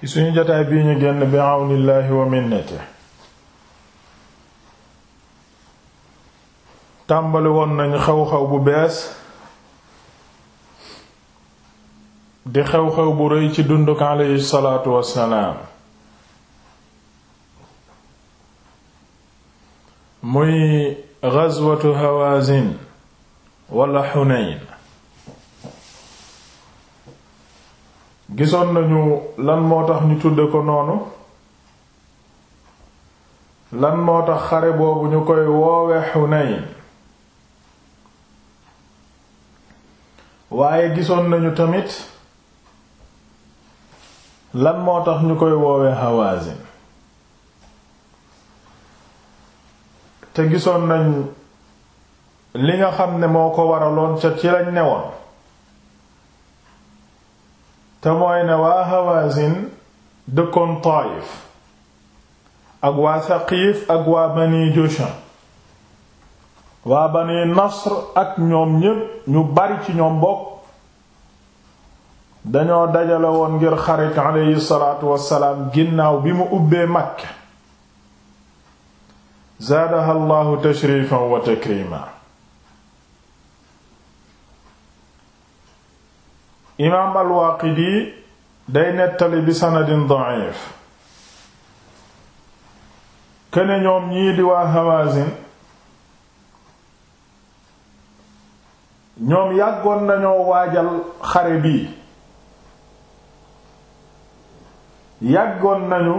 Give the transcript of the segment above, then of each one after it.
ci suñu jotaay bii ñu génn bi àwnillaahi wa minnati tàmbali woon nañu xew-xew bu bees di xew-xew bu rëy ci dunduk aleyhi salaatu wassalaam muy gazwatu Hawazin wala Hunayn gisoon nañu lan moo tax ñu tudde ko noonu lan moo tax xare boobu ñu koy woowe Xunayn waaye gisoon nañu tamit lan moo tax ñu koy woowe Hawazin te gisoon nañ li nga xam ne moo ko waraloon ca ci lañ newoon te mooy ne waa Hawazin dëkkoon Taayif ak waa Saqiif ak waa Bani Jushan waa Bani Nasr ak ñoom ñépp ñu bari ci ñoom bokk dañoo dajale woon ngir xarit aleyhi salaatu wassalaam ginnaaw bi mu ubbee Makka zaadaha Allahu tashrifan wa takrima imaam al-Waaqidi day nettali bi sanadin da'if kene ñoom ñii di waa Hawazin ñoom yàggoon nañoo waajal xare bii yàggoon nañu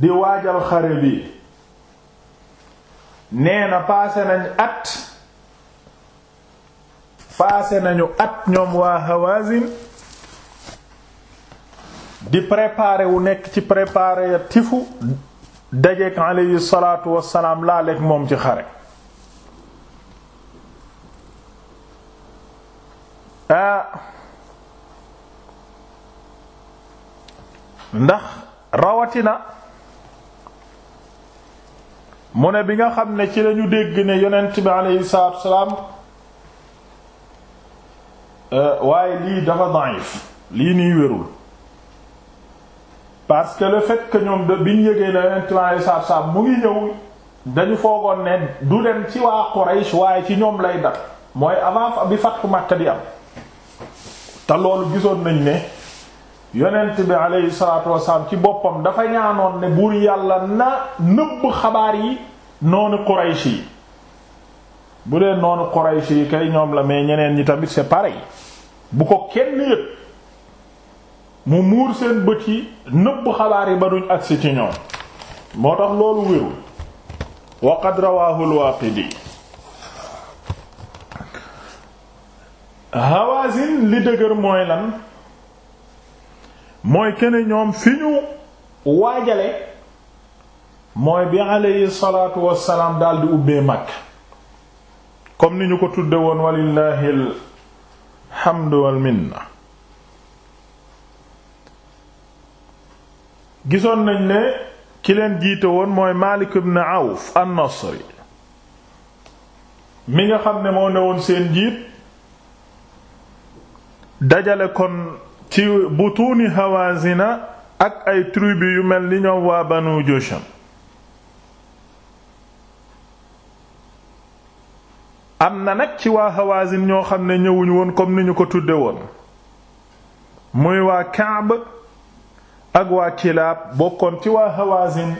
di waajal xare bii nee na paase nañ at passé nañu at ñoom waa Hawazin di préparer wu nekk ci préparer tifu dajeek alayhi salaatu wassalaam laa lekk moom ci xare ah. ndax rawatina mu ne bi nga xam ne ci lañu dégg ne yonent bi alayhi salaatu wassalaam Euh, waaye lii dafa da'if lii nii wérul parce que le ñoom de biñ yëgee na yonent ma alei saatu salaam mu ngi ñëw dañu foogoon ne du dem ci waa Quraysh waaye ci ñoom lay dal mooy avant bi fatku Makka di am te loolu gisoon nañ ne yonent bi aleyhi salatu wasalaam ci boppam dafa ñaanoon ne buur yàlla na nëbb xabaar yi noonu Quraysh yi bu dee noonu Quraysh yi kay ñoom la mais ñeneen ñi tamit c'est pareil bu ko kenn yëg mu muur seen bët yi nëbb xabaar yi ba duñ agsi ci ñoom moo tax loolu wérul wa qad rawaahu al Hawazin li dëgër mooy lan mooy kene ñoom fi ñu waajale mooy bi aleyhi wassalaam daldi ubbee Makka comme ni ñu ko tudde woon walillahil xamdu wal gisoon nañ ne ki leen jiite woon mooy Maalik ibn Awf an-Nasri mi nga xam ne moo ne woon seen jiit dajale kon ci butuuni Hawaazina ak ay tribu yu mel ni ñoom waa Banu Jusham am na nag ci waa Hawazin ñoo xam ne ñëwuñu woon comme ni ñu ko tudde woon muy waa Kaab ak waa Kilaab bokkoon ci waa Hawazin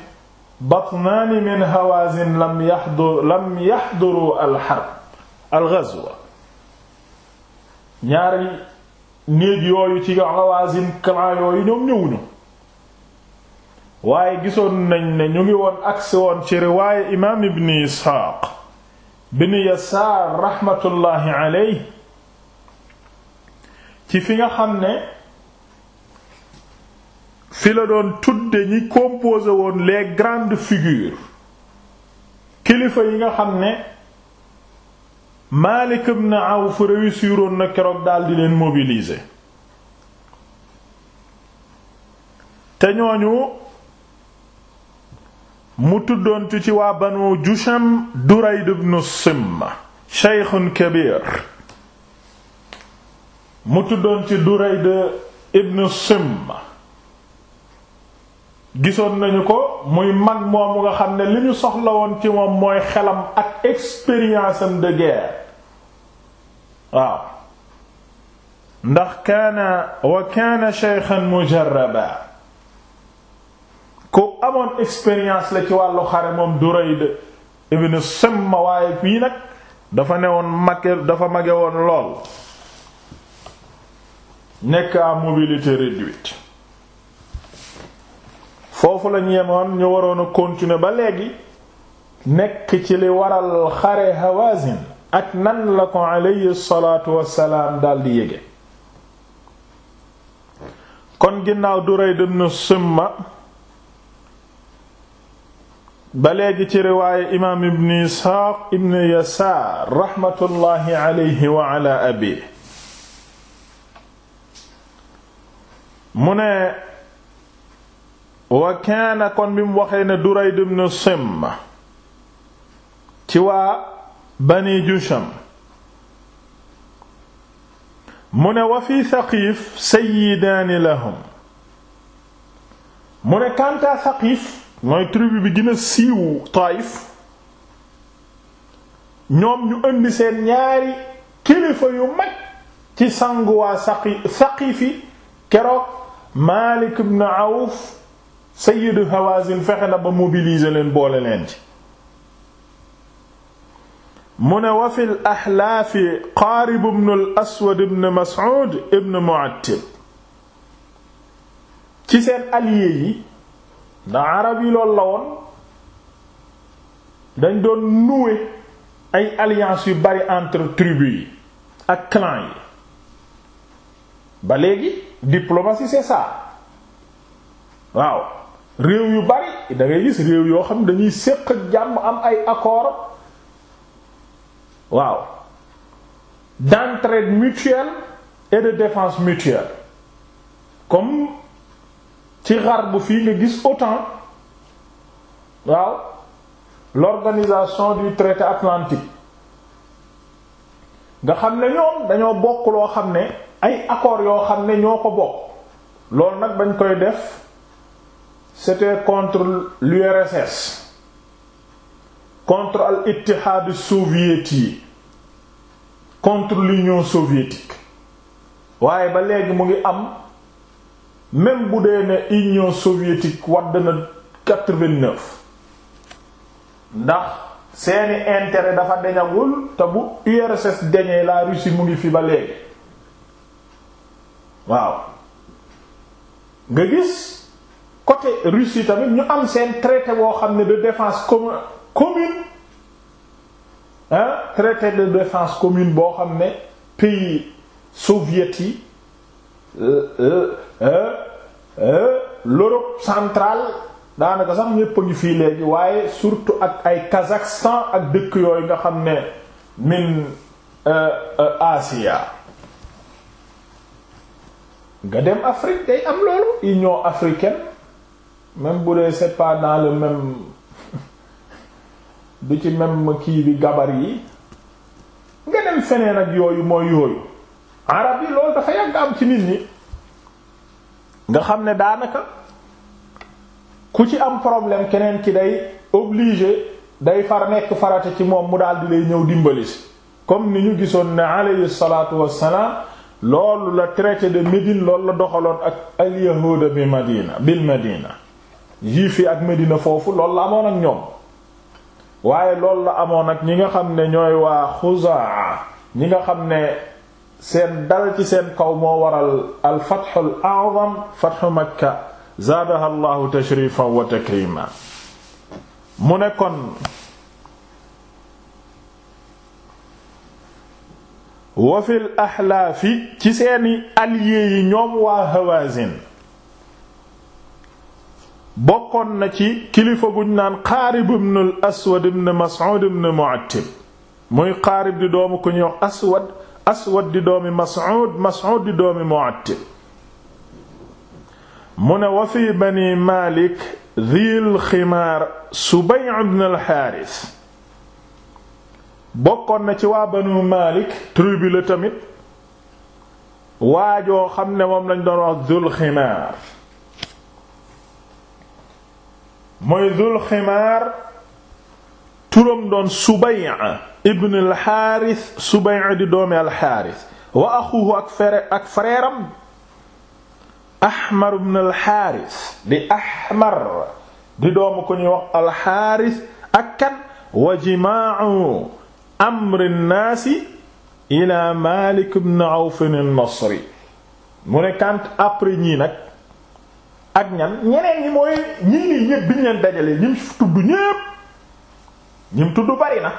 batnaani min Hawazin lam yaxdur lam yaxduru alxarb alxazwa ñaari néeg yooyu ci Hawazin clan yooyu ñoom ñëwuñu waaye gisoon nañ ne ñu ngi woon agsi woon ci riwaaye imaam Ibn Isxaaq bin yasaar raxmatullaahi aley ci fi nga xam ne fi la doon tudde ñi composé woon les grandes figures kilifa yi nga xam ne Maalik ibn Awf réussiroon na keroog daal di leen mobiliser te ñooñu mu tuddoon ci waa banu Jusham Durayd ibn Simm shaykhun kabir mu tuddoon ci Durayd ibn Simm gisoon nañu ko muy mag moomu nga xam ne li ñu soxla woon ci moom mooy xelam ak expérience am de guerre waaw ndax kaana wa kaana shaykhan mujarraba ko amoon expérience la ci wàllu xare moom Durayd ibn Simma waaye fii nag dafa newoon mage dafa mage woon lool nekk à mobilité réduite foofu la ñu yemoon ñu waroon a continuer ba léegi nekk ci li waral xare Hawazin ak nan la ko alayhi salaatu wassalaam daldi yége kon ginnaaw Durayd ibn Simma ba léegi ci riwaaye imaam ibn isxaaq ibn yasaar raxmatullaahi alayhi wa ala abi mu ne wa kaana kon bi mu waxee ne durayd ibn simm ci waa bani jusham mu ne wa fi saqiif sayyidaani lahum mu ne kanta saqiif mooy tribu bi gën a siiw Taayif ñoom ñu indi seen ñaari kilifa yu mag ci sanguwaa saqi saqiifi keroog Maalik ibn Awf sayyidu Hawazin fexe na ba mobiliser leen boole leen ci mu ne wa fi lahlaafi qaarib ibn aswad ibn Mas'ud ibn Mu'attib ci seen alliés yi ndax arab yi loolu la woon dañ doon nouer ay alliance yu bari entre tribus yi ak clans yi ba léegi diplomatie c'est ça waaw réew yu bari da gis réew yoo xam dañuy séq ak jàmm am ay accord waaw d'entraide mutuelle et de défense mutuelle comme ci xar bu fii nga gis OTAN waaw l'organisation du traité atlantique nga xam ne ñoom dañoo bokk loo xam ne ay accords yoo xam ne ñoo ko bokk loolu nag bañ koy def c'était contre l'URSS contre al ittihad soviétique contre l'union soviétique waaye ba léegi mu ngi am même bu dee ne Union soviétique wadd na quatre-vingt-neuf ndax seeni intérêt dafa deñagul te bu URSS deñee la Russie mu ngi fi ba léegi waaw nga gis côté Russie tamit ñu am seen traité boo xam ne de défense commune commune traité de défense commune boo xam ne pays soviétique Euh, euh, euh, l'Europe central daanaka sax ñépp a ngi fii léegi waaye surtout ak ay Kazakhstan ak dëkk yooyu nga xam ne min Asia nga dem Afrique day am loolu Union africaine même bu dee c'est pas du ci même kii bi gabar yi nga dem feneen ak yooyu mooy yooyu arab yi loolu dafa yàgg am ci nit ñi nga xam ne daanaka ku ci am problème keneen ki day obligé day far nekk farata ci moom mu daal di lay ñëw dimbali si comme ni ñu gisoon ne alayhi salaatu wassalaam loolu la traité de Médine loolu la doxaloon ak al yahuda bi Madina bil Madina juif yi ak Médina foofu loolu la amoon ak ñoom waaye loolu la amoon ak ñi nga xam ne ñooy waa Xuzaa ñi nga xam ne seen dal ci seen kaw moo waral al fatxu al a'zam makka zaadaha allahu tashrifan wa takrima mu ne kon wa fil axlaafi ci seeni alliés ñoom waa hawazin bokkoon na ci kilifa guñ naan qaarib ibn al aswad ibn mas'ud ibn mu'attib muy qaarib di doomu ku ñuy aswad aswad di doomi mas'ud mas'ud di doomi mu'attib mu ne wa fi bani malik dhil ximaar subay' ibn al harith bokkoon na ci waa banu malik tribu la tamit waajoo xam ne moom lañ doon wax dhul ximaar mooy dhul ximaar turam doon Subay'a ibn al-Harith di doomi al-Harith wa axuhu ak frère Ahmar ibn al di Ahmar di doomu ko ñuy wax al-Harith ak kan wa jimaa'u amri an ila Malik ibn Awf an mu ne kant après ñii nag ak ñan ñeneen ñi mooy ñii nii ñépp biñ dajale ñi tudd ñépp ñim tudd bari na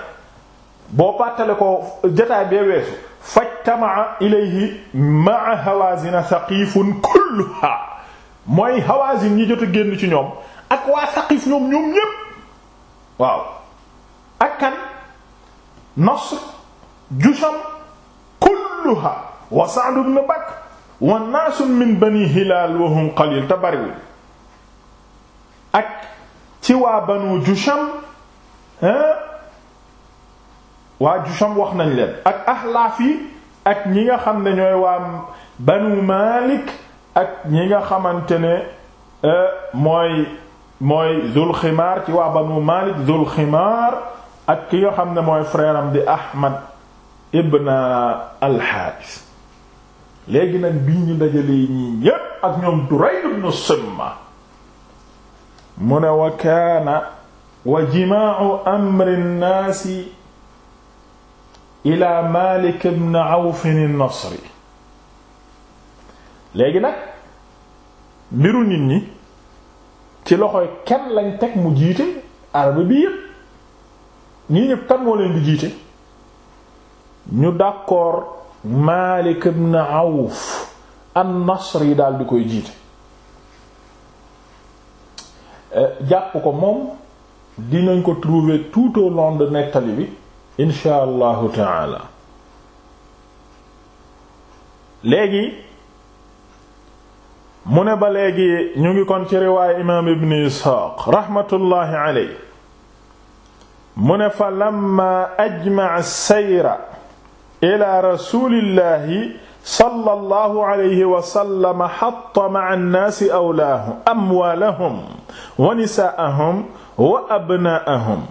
boo pàttale ko jataay bee weesu fajtamaa ilayhi maa hawazina saqifun kulluha mooy hawazin ñi jot a ci ñoom ak waa saqif ñoom ñoom ñépp waaw ak nasr jusam kulluha wa sa'd ibn bakr wa min bani hilaal wa hum qalil te bariwul ak ci waa banu jusam waa Jusham wax nañ leen ak axlaaf yi ak ñi nga xam ne ñooy waa Banu Malik ak ñi nga xamante ne euh, mooy mooy Zul Ximaar ci waa Banu Malik Zul Ximaar ak ki nga xam ne mooy frère am di Ahmad ibn al-Haris léegi nag bi ñu dajalee ñii ñépp ak ñoom Durayd ibn Simma mu ne wa kaana wa jimacu amri nnaasi ila malik ibn awfin nasri léegi nag mbiru nit ñi ci loxo kenn lañ teg mu jiite arab bi yépp ñii ñépp kan moo leen di jiite ñu d'accord malik ibn awf an nasri yi daal di koy jiite eh, jàpp ko moom dinañ ko trouver tout au long nettali bi insha allahu taala léegi mu ne ba léegi ñu ngi kon ci riwaaya imaam ibni isxaaq raxmatullaahi aley mu ne fa lamma ajmaca sayra ila rasulillahi sallallahu alayhi wa sallam xatta maca annaasi awlaahum amwaalahum wa nisaa'ahum wa abnaahum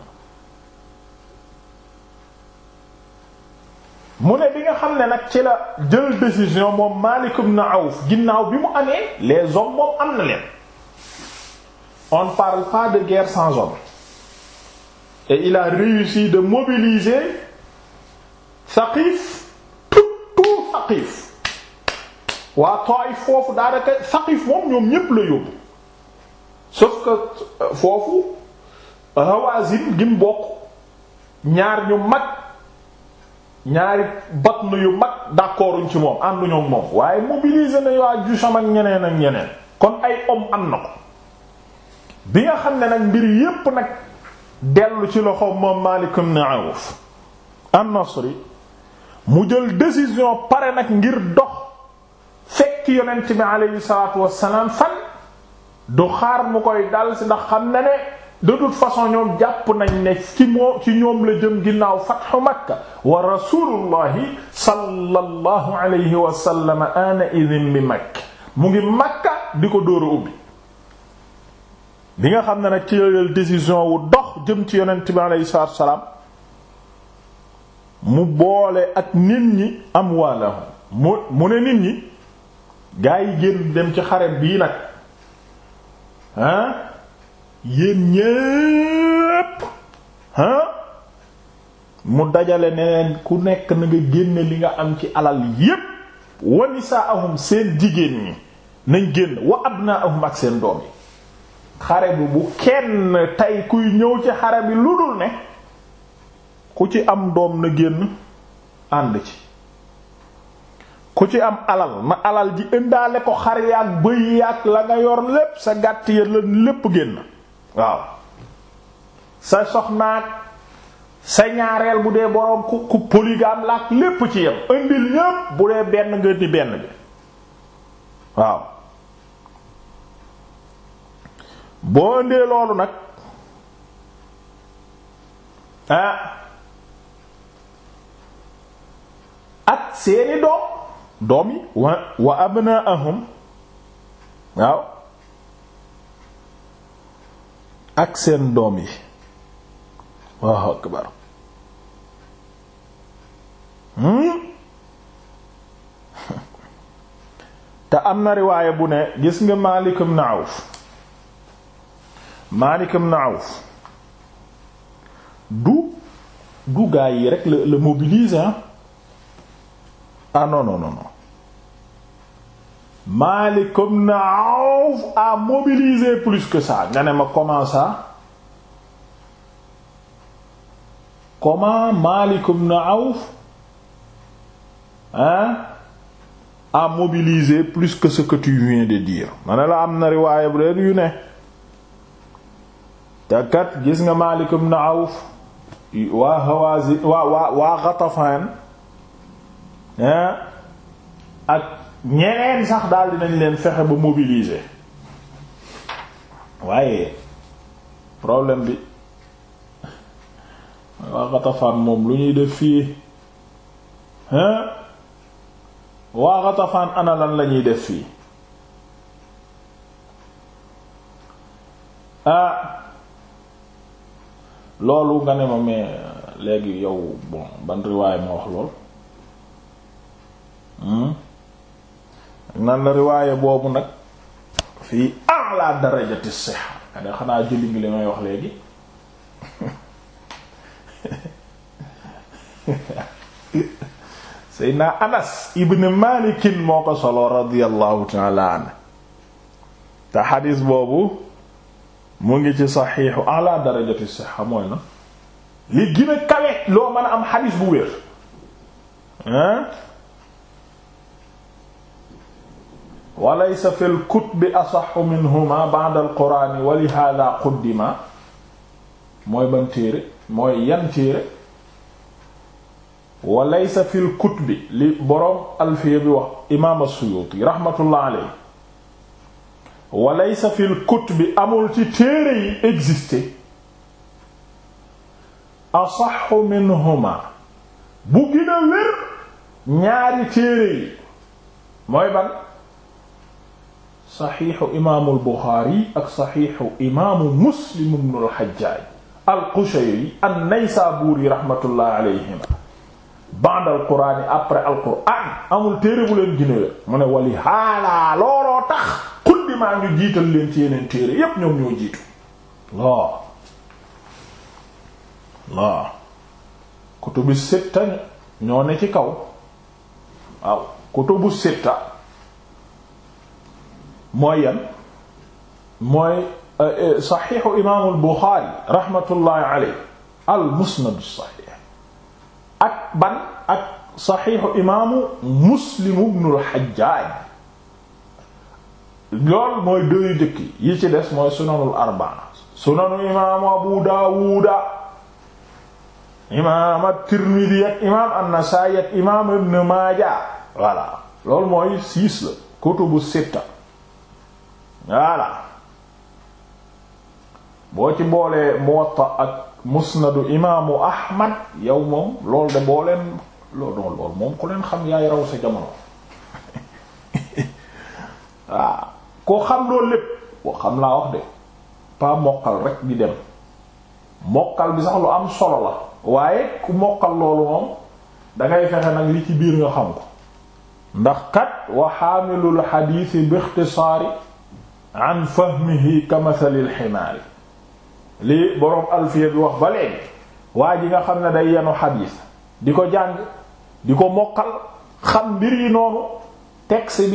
mu ne bi nga xam ne nag ci la jël décision moom Maalik ibn ginnaaw bi mu amee les hommes moom am na leen on parle pas de guerre sans homme et il a réussi de mobiliser Saqif tout Saqif waa Taif foofu daanaka Saqif moom ñoom ñépp la yóbbu sauf que foofu Hawazin gim bokk ñaar ñu mag ñaari batnu yu mag d'accorduñ ci moom ànduñoo moom waaye mobiliser na waa Jusham ak ñeneen ak ñeneen kon ay homme am na ko bi nga xam ne nag mbir yépp nag dellu ci loxo moom Maalik ibn Awf an-Nasri mu jël décision pare nag ngir dox fekk yonent bi aleyhi salaatu wassalaam fan du xaar mu koy dal si ndax xam na ne de toute façon ñoom jàpp nañ ne ci moo ci ñoom la jëm ginnaaw fathu makka wa rasulullahi sallallahu alayhi wa sallam ana idin bi makka mu ngi makka di ko dóor ubbi bi nga xam ne nag ci yooyal décision wu dox jëm ci yonent bi alayhi salaatu wa salaam mu boole ak nit ñi am waalahum mu mu ne nit ñi gaa yi génn dem ci xare bii nag ah yéen ñépp mu dajale ne ku nekk na nga génne li nga am ci alal yépp wa nisaahum seen jigéen ñi nañ génn wa abnaahum ak seen doom yi xare bi bu kenn tey kuy ñëw ci xare bi lu dul ne ku ci am doom na génn ànd ci ku ci am alal na alal ji indaale ko xar yaak bëy yaak la nga yor lépp sa gàtt ya lan lépp génn waaw sa soxnaak sa ñaareel bu dee boroom ku ku polygame laak lépp ci yem indil ñépp bu dee benn nga di benn bi waaw boo indee loolu nag ah ak seeni doom doom yi wa wa abnaahum waaw ak seen doom yi hmm? te am na riwaaye bu ne gis nga Maalik ibn Awf Maalik ibn Awf du du gaa yi rek la la ah? ah non non Malik ibn Awf a mobilisé plus que ça nga ne ma comment ça comment Malik ibn Awf hein a mobilisé plus que ce que tu viens de dire ma ne la am na riwaaya bu leen yu ne te kat gis nga Malik ibn Awf waa Hawazin waa waa waa Ghatafan hein ak ñeneen sax daal dinañ leen fexe ba mobiliser waaye problème bi waa moom lu ñuy def fii hein waa Ghatafan ana def fii ah loolu nga ne ma mais léegi yow bon ban riwaay ma wax lool. Hmm? nan la riwaaya boobu nag fii a'la darajati sihha nga xanaa julli ngi li may wax léegi Seydina Anas ibn Malik moo ko solo radiyallahu ta'ala an boobu mu ngi ci saxiixu ala darajati sihha mooy na li gën a kawe loo mën am xadis bu wér hein walaysa fi lkutbi asaxu minhuma ba'da alquraani wa lihaada quddima mooy ban téere mooy yan téere walaysa fi lkutbi li boroom alfiya bi wax imaam as-Suyuuti raxmatullah aley walaysa fi lkutbi amul ci téere yi existé asaxu minhuma bu gën a wér ñaari téere yi mooy ban saxiixu imaamul Buxaari ak saxiixu imaamu Muslim ibnul Hajjaaj al-Qushayri an-Naysaabuuri rahmatullahi alayhima ba'da al-Qur'aan après al-Qur'aan amul téere bu leen a wér mu ne wali haalaa looloo tax quddimaa ñu jiital leen ci yeneen téere yépp ñoom ñoo jiitu laa laa kutubu sitta ñoo ci kaw waaw sitta mooy yan mooy eh, eh, saxiixu imaamul Buxaari raxmatullaahi aleyhi al musnad saxiix ak ban ak saxiixu imaamu Muslim ibnul Xajjaaj loolu mooy dëyu jëkk yi ci des mooy sunanul arbaa sunanu imaamu Abu Daawuda imaam at-Tirmidi ak imaam an-Nasaa'i ak imaam Ibn Maaja voilà loolu mooy six la kutubu sitta voilà boo ci boolee Muwatta ak musnadu imaamu Ahmad yow moom loolu de boo leen lool doon lool moom ku leen xam yaay raw sa jamono waaw koo xam loolu lépp ko xam naa wax de pas mokkal rek di dem mokkal bi sax lu am solo la waaye ku mokkal loolu moom dangay fexe nag li ci biir nga xam ko ndax kat wa xadiisi bi ixtisaari an fahmihi ka mathalil ximaari li boroom alfiya bi wax ba léegi nga xam ne day yenu di ko jàng di ko mokkal xam mbir yi noonu texte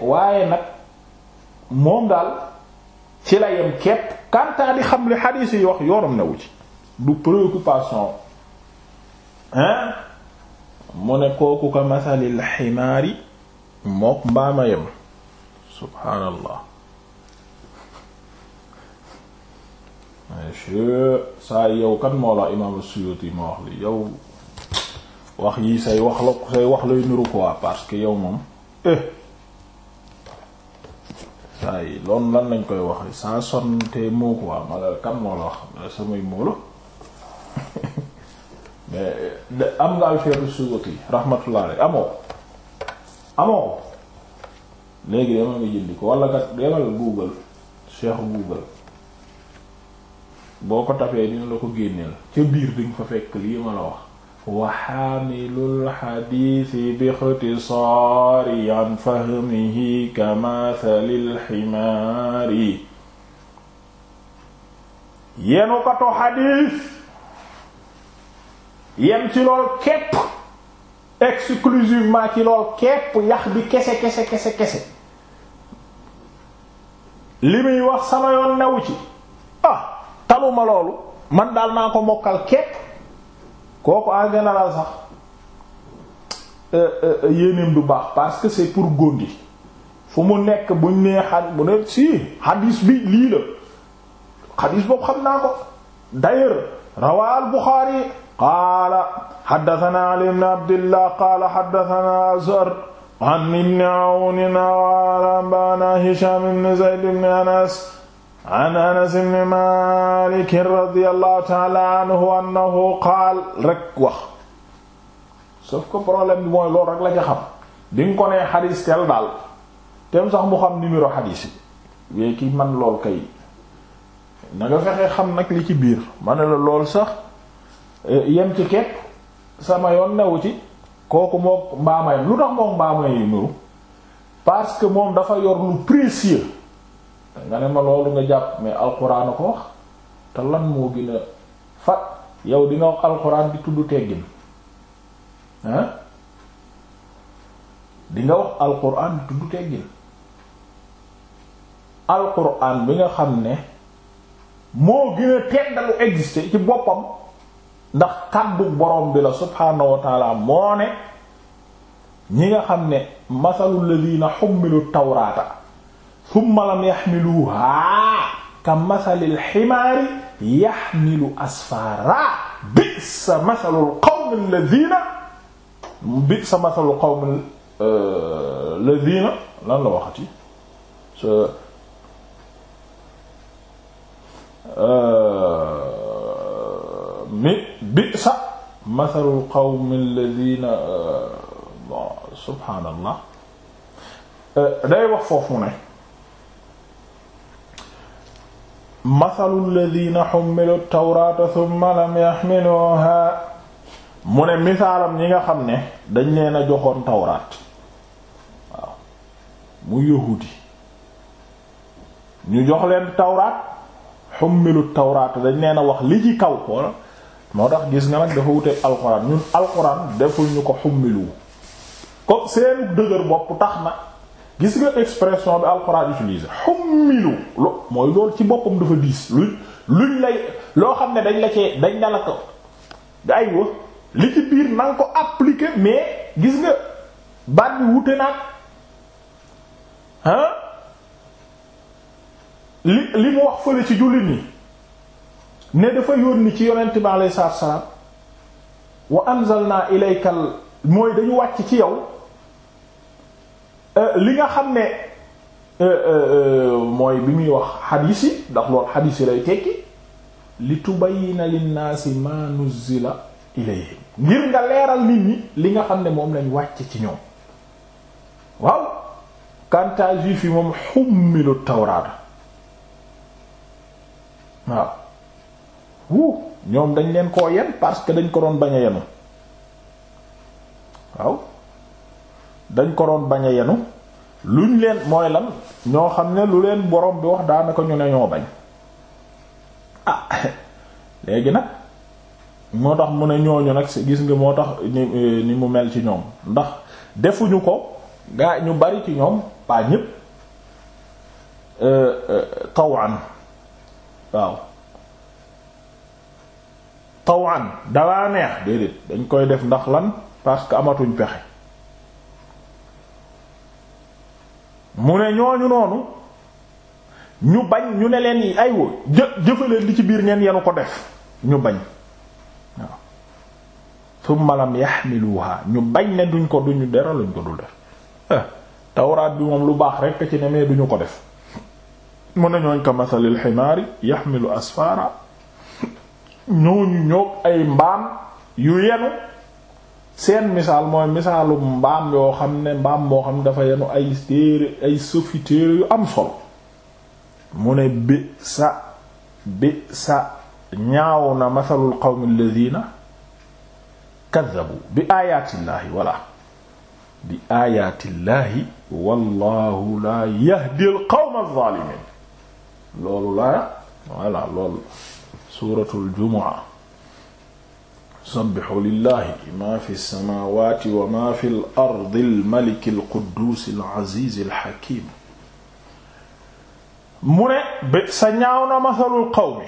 waaye nag moom daal ci la yem képp kantaa di xam li xadiis yoonam newu ci du préoccupation hein mu ne kooku ka mathalil ximaari mook mbaama yem subhaanallah monsieur saa yow kan moo la imam Suyuti ma wax li yow wax yi say wax la say wax lay niru quoi parce que yow moom eh saa yi loolu lan lañ koy wax sans sonte moo quoi ma la kan moo la wax samay moo mais de am nga Alfiya Suyuti rahmatullah alayhi amoo amoo léegi dama nga jëndi ko wala kat demal Google Cheikh Google boo ko tapee dina la ko génneel ca biir dinga fa fekk lii ma la wax wa xaamilul xadiisi bi ixtisaari an fahmihi kamathalil ximaari yenu ko to xadiis yen ci lool képp exclusivement ci lool képp yax bi kese kese kese kese li muy wax sama yoon newu ci taluma loolu man daal naa ko mokkal képp kooku en général sax euh, euh, euh, yéeneem baax parce que c'est pour gondi fu mu nekk bu ne si xadis bi lii la xadis boobu xam naa ko d'ailleurs rawaa al Buxaari qaala xaddatana Ali ibn Abdillah qaala xaddatana Azhar an ibn Awn qaala anba'ana Hisham ibn Zayd ibn Anas an anas ibn malik anhu annahu qaal rek wax sauf que problème bi mooy loolu rek la ca xam di nga ko nee xadis teel daal tem sax mu xam numéro xadis yi wéy ki man lool kay na nga fexee xam nag li ci biir ma ne la lool sax e, yem ci kepp sama yoon newu ci kooku mook mbaamay lu tax mook mbaamay nuru parce que moom dafa yor lu précieux nga ne ma loolu nga jàpp mais alxuraan ko wax te lan moo gën a fat yow di nga wax alxuraan di tudd teggin dinga di nga wax alxuraan di tudd teggin alxuraan bi nga xam ne moo gën a teddalu exister ci boppam ndax kàddu borom bi la subhaanahu wa moo ne ñi nga xam ne masalul ladina xummilu tawraata thumma lam yaxmiluhaa ka masalil ximaari yaxmilu asfaara bi'sa masalul qawmi alladhiina bi'sa masalul qawmi euh, alladhiina lan la waxati euh, mi bi'sa masalul qawmi alladhiina euh, subhaanallah day wax foofu mu ne masalu lladiina xummilu tawraata summa lam yaxmiluha mu ne misaalam ñi nga xam ne dañ leen a joxoon tawraat waaw mu yahuudi ñu jox leen tawraat xummilu tawraata dañ leen a wax li ci kaw ko moo tax gis nga nag dafa wuteeg alxuraan ñun alxuraan deful ko xummilu ko seen dëgër bopp tax na gis nga expression bi alxuraan utilisé xummilu lo mooy loolu ci boppam dafa diis lu luñ lay loo xam ne dañ la cee dañ na la ko aywa li ci biir na ko appliquer mais gis nga baat bi wute naag ah li li mu wax fële ci jullit ñi ne dafa yónni ci yonent bi alayhi salaam wa anzalna ilaykal mooy dañu wàcc ci yow Euh, li nga xam ne euh, euh, mooy bi muy wax xadiis yi ndax loolu xadiis yi lay tekki li tubayyina linnaasi ma nuzzila ilayhim ngir nga leeral nit ñi li nga xam ne moom lañ wàcce ci ñoom waaw kanta juif yi moom xummilu tawraata waaw wu ñoom dañ leen koo yen parce que dañ ko doon bañ a yenu waaw dañ ko doon bañ a yenu luñ leen mooy lan ñoo xam ne lu leen borom bi wax daanaka ñu ne ñoo bañ ah léegi nag moo tax mu ne ñooñu nag gis nga moo tax ni eh, ni mu mel ci ñoom ndax defuñu ko gaa ñu bari ci ñoom pas ñépp eh, eh, tawaan waaw tawaan dalaa neex déedéet dañ koy def ndax lan parce que amatuñ pexe mu ne ñooñu noonu ñu bañ ñu ne leen yi aywa jë jëfaleen li ci biir ngeen yenu ko def ñu bañ waaw thumma lam yaxmiluha ñu bañ ne duñ ko duñu dera luñ ko du def eh, tawraat bi moom lu baax rekk ci ne mais duñu ko def mu ne ñooñ ka masalil ximaari yaxmilu asfara ñu ñoog ay mbaam yu yenu seen misaal mooy misaalu mbaam yoo xam ne mbaam moo xam ne dafa yenu ay téere ay téere yu am solo mu ne bi sa bi sa ñaaw na masalul qawmi alladhina kadhabu bi aayatillaahi wala bi aayatillaahi la yahdi al qawm adh-dhalimin loolu la wala loolu suuratul jumaa yusabbihu lillahi ma fi samawati wa ma fi l ardi almaliki alqudusi alazizi alxakim mu ne bi sa ñaaw na masalul qawmi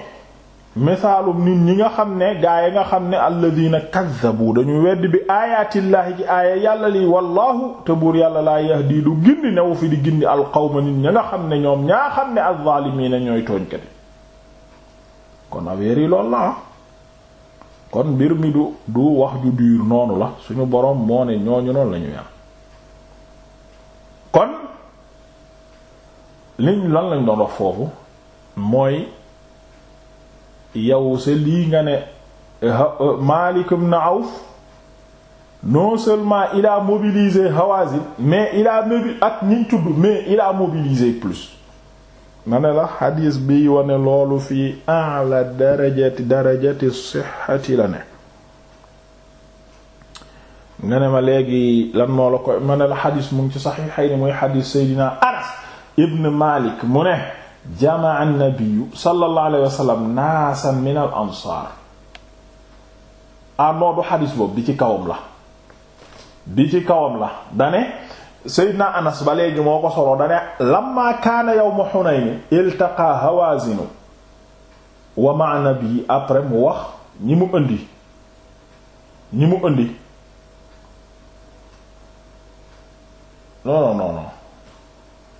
misaalum nit ñi nga xam ne gaay nga xam ne alladina kaddabu dañu wedd bi aayaatillaahi ci aaya yàlla li wallaahu te buur yàlla laa yahdi du gindi newu fi di gindi alqawma nit ñi nga xam ne ñoom ñaa xam ne alzaalimiina ñooy tooñkat yi kon affaire yi lool la ah. kon mbir mi du du wax ju duur noonu la suñu boroom moo ne ñooñu noonu la ñu kon liñ lan lañ doon wax foofu mooy yow sa lii nga ne Malik ibn Auf non seulement il a mobilisé Hawazin mais il a ak ñiñ tudd mais il a plus ma ne la xadiis biy wane loolu fii ala darajati darajati sixati la ne nga ne ma léegi lan moo la koy ma ne la xadiis mu ngi ci saxiixayni mooy xadiis seydina anas ibn malik mu ne jamaa annabiyu sallallahu alayhi wa sallam naasan min al ansaar ah noo du xadiis boobu bi ci kawam la bi ci kawam la dane na Anas ba léegi moo ko solo dane lamma kaana yawmu Hunayn iltaqa Hawaazin wa ma'a nabi après mu wax ñi mu ëndi ñi mu indi non non non non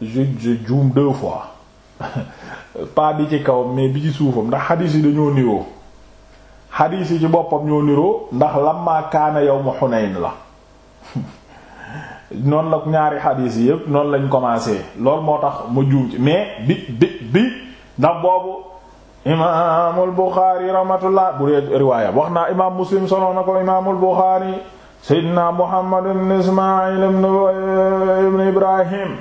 je je juum fois pas bi ci kaw mais bi ci suufam ndax xadiis yi dañoo niroo xadiis yi ci boppam ñoo niroo ndax lamma kaana yawmu Hunayn la noonu la ñaari xadiis yi yépp noonu lañ commencé lool moo tax mu juum ci mais bi bi bi ndax boobu imaamul Buxaari rahmatullah bu dee riwaaya wax naa imaam Muslim solo na ko imaamul Buxaari Seydina Muhammad ibn Ismaayil ibn Ibrahim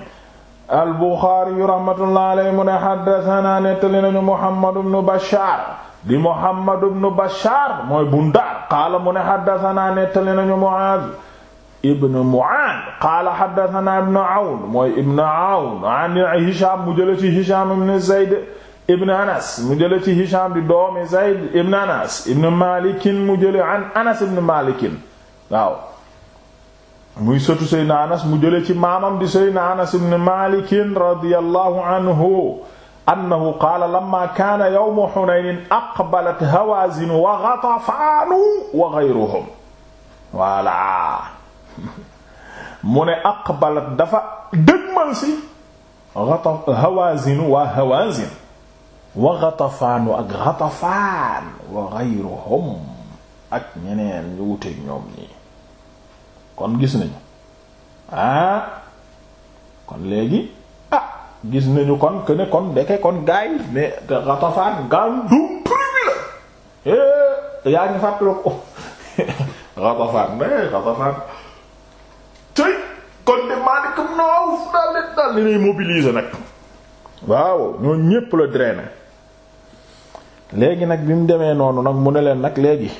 al Buxaari mu ne haddasanaa nettali nañu Muhammad ibn Bashaar di Muhammad ibn Bashaar mooy Bundaar qaala mu ne haddasanaa nettali nañu Muaaz ibn Mu'aan qaala haddasanaa ibn Awn mooy ibn Awn an Hishaam mu jële ci Hishaam ibn Zayd ibn Anas mu jële ci Hishaam di doomi Zayd ibn Anas ibn Maalikin mu jële an Anas ibn Maalikin waaw muy sëtu Seydina Anas mu jële ci maamam di Seydina Anas ibn Maalikin radiyallahu anhu annahu qaala lamma kaana yawmu Hunaynin aqbalat Hawaazin wa Gatafaanu wa ghayruhum voilà mu ne aqbalat dafa dëgmal si hawazin waa hawazin wa ghatafaan ak ghatafaan wa ghayruhum ak ñeneen ñu wuteeg ñoom nii kon gis nañu ah kon léegi ah gis nañu kon que ne kon ndeke kon gaay mais te Ghatafaan gàndum prix la eh, yaa ngi fàttaliku Ghatafaan mais Ghatafaan ibnu Awf daal di daal di lay nag waaw ñoo ñépp la drainer léegi nag bi mu demee noonu nag mu ne leen nag léegi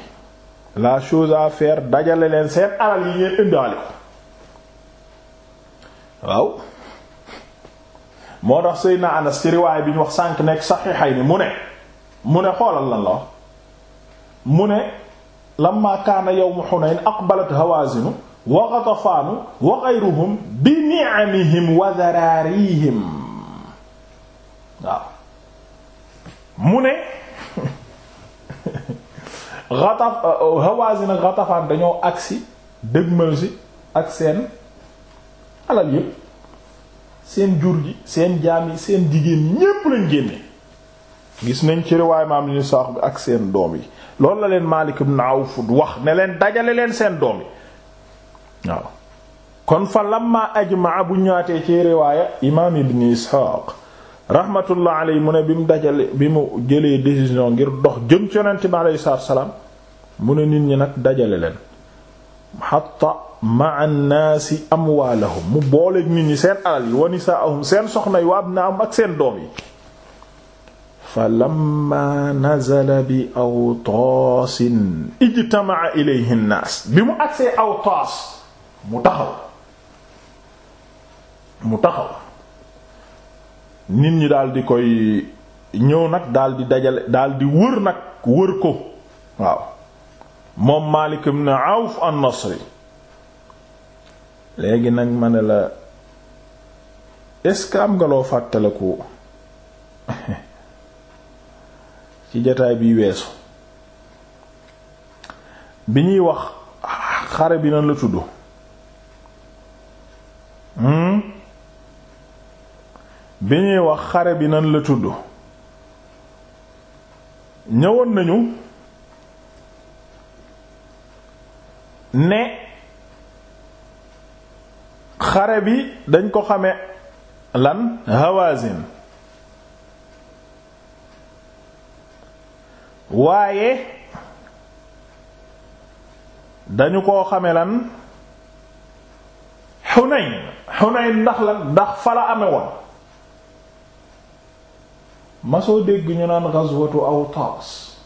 la chose à faire dajale leen seen alal yi ngeen indaale ko waaw moo tax Seydina Anas ci riwaay bi ñu wax sànq nekk saxiixay ni mu ne mu ne xoolal lan la wax mu ne lamma kaana yawmu Hunayn aqbalat Hawaazinu waa Gatafaanu wa ghayruhum bi ni'amihim wa daraarihim waaw mu ne Gataf euh, Hawaazin ak Gatafaan dañoo agsi dëgmal ak seen alal yépp seen jur gi seen jaam seen jigéen ñépp lañ génne gis nañ ci riwaay maam li ñu saax bi ak seen doom yi loolu la leen Maalik fu Awf wax ne leen dajale leen seen doom yi waaw kon fa lamma ajmaa bu ñaatee ci riwaaya imaam ibn Isxaaq rahmatullah alayhi mu ne bi mu dajale bi mu jëlee décision ngir dox jëm ci yonent bi alayhi salaam mu ne nit ñi nag dajale leen hatta ma'a an-naasi amwaalahum mu booleeg nit ñi seen alal yi wa nisaa'ahum seen soxna yi wa abnaa'ahum ak seen doom yi fa lamma nazala bi awtaasin ijtama'a ilayhi naas bi mu agsee awtaas mu taxaw mu taxaw nit ñi daal di koy ñëw nag daal di dajale daal di wër nag wër ko waaw moom Maalik ibn Awf an-Nasri léegi nag ma ne la est-ce que am nga loo fàttaliku ci jataay bi weesu bi ñuy wax xare bi nan la tudd bi ñuy wax xare bi nan la tudd ñëwoon nañu ne xare bi dañ koo xamee lan Hawazin waaye dañu koo xamee lan Hunayn Hunayn ndax lan ndax fala ame masoo dégg ñu naan ghazwatu Awtaas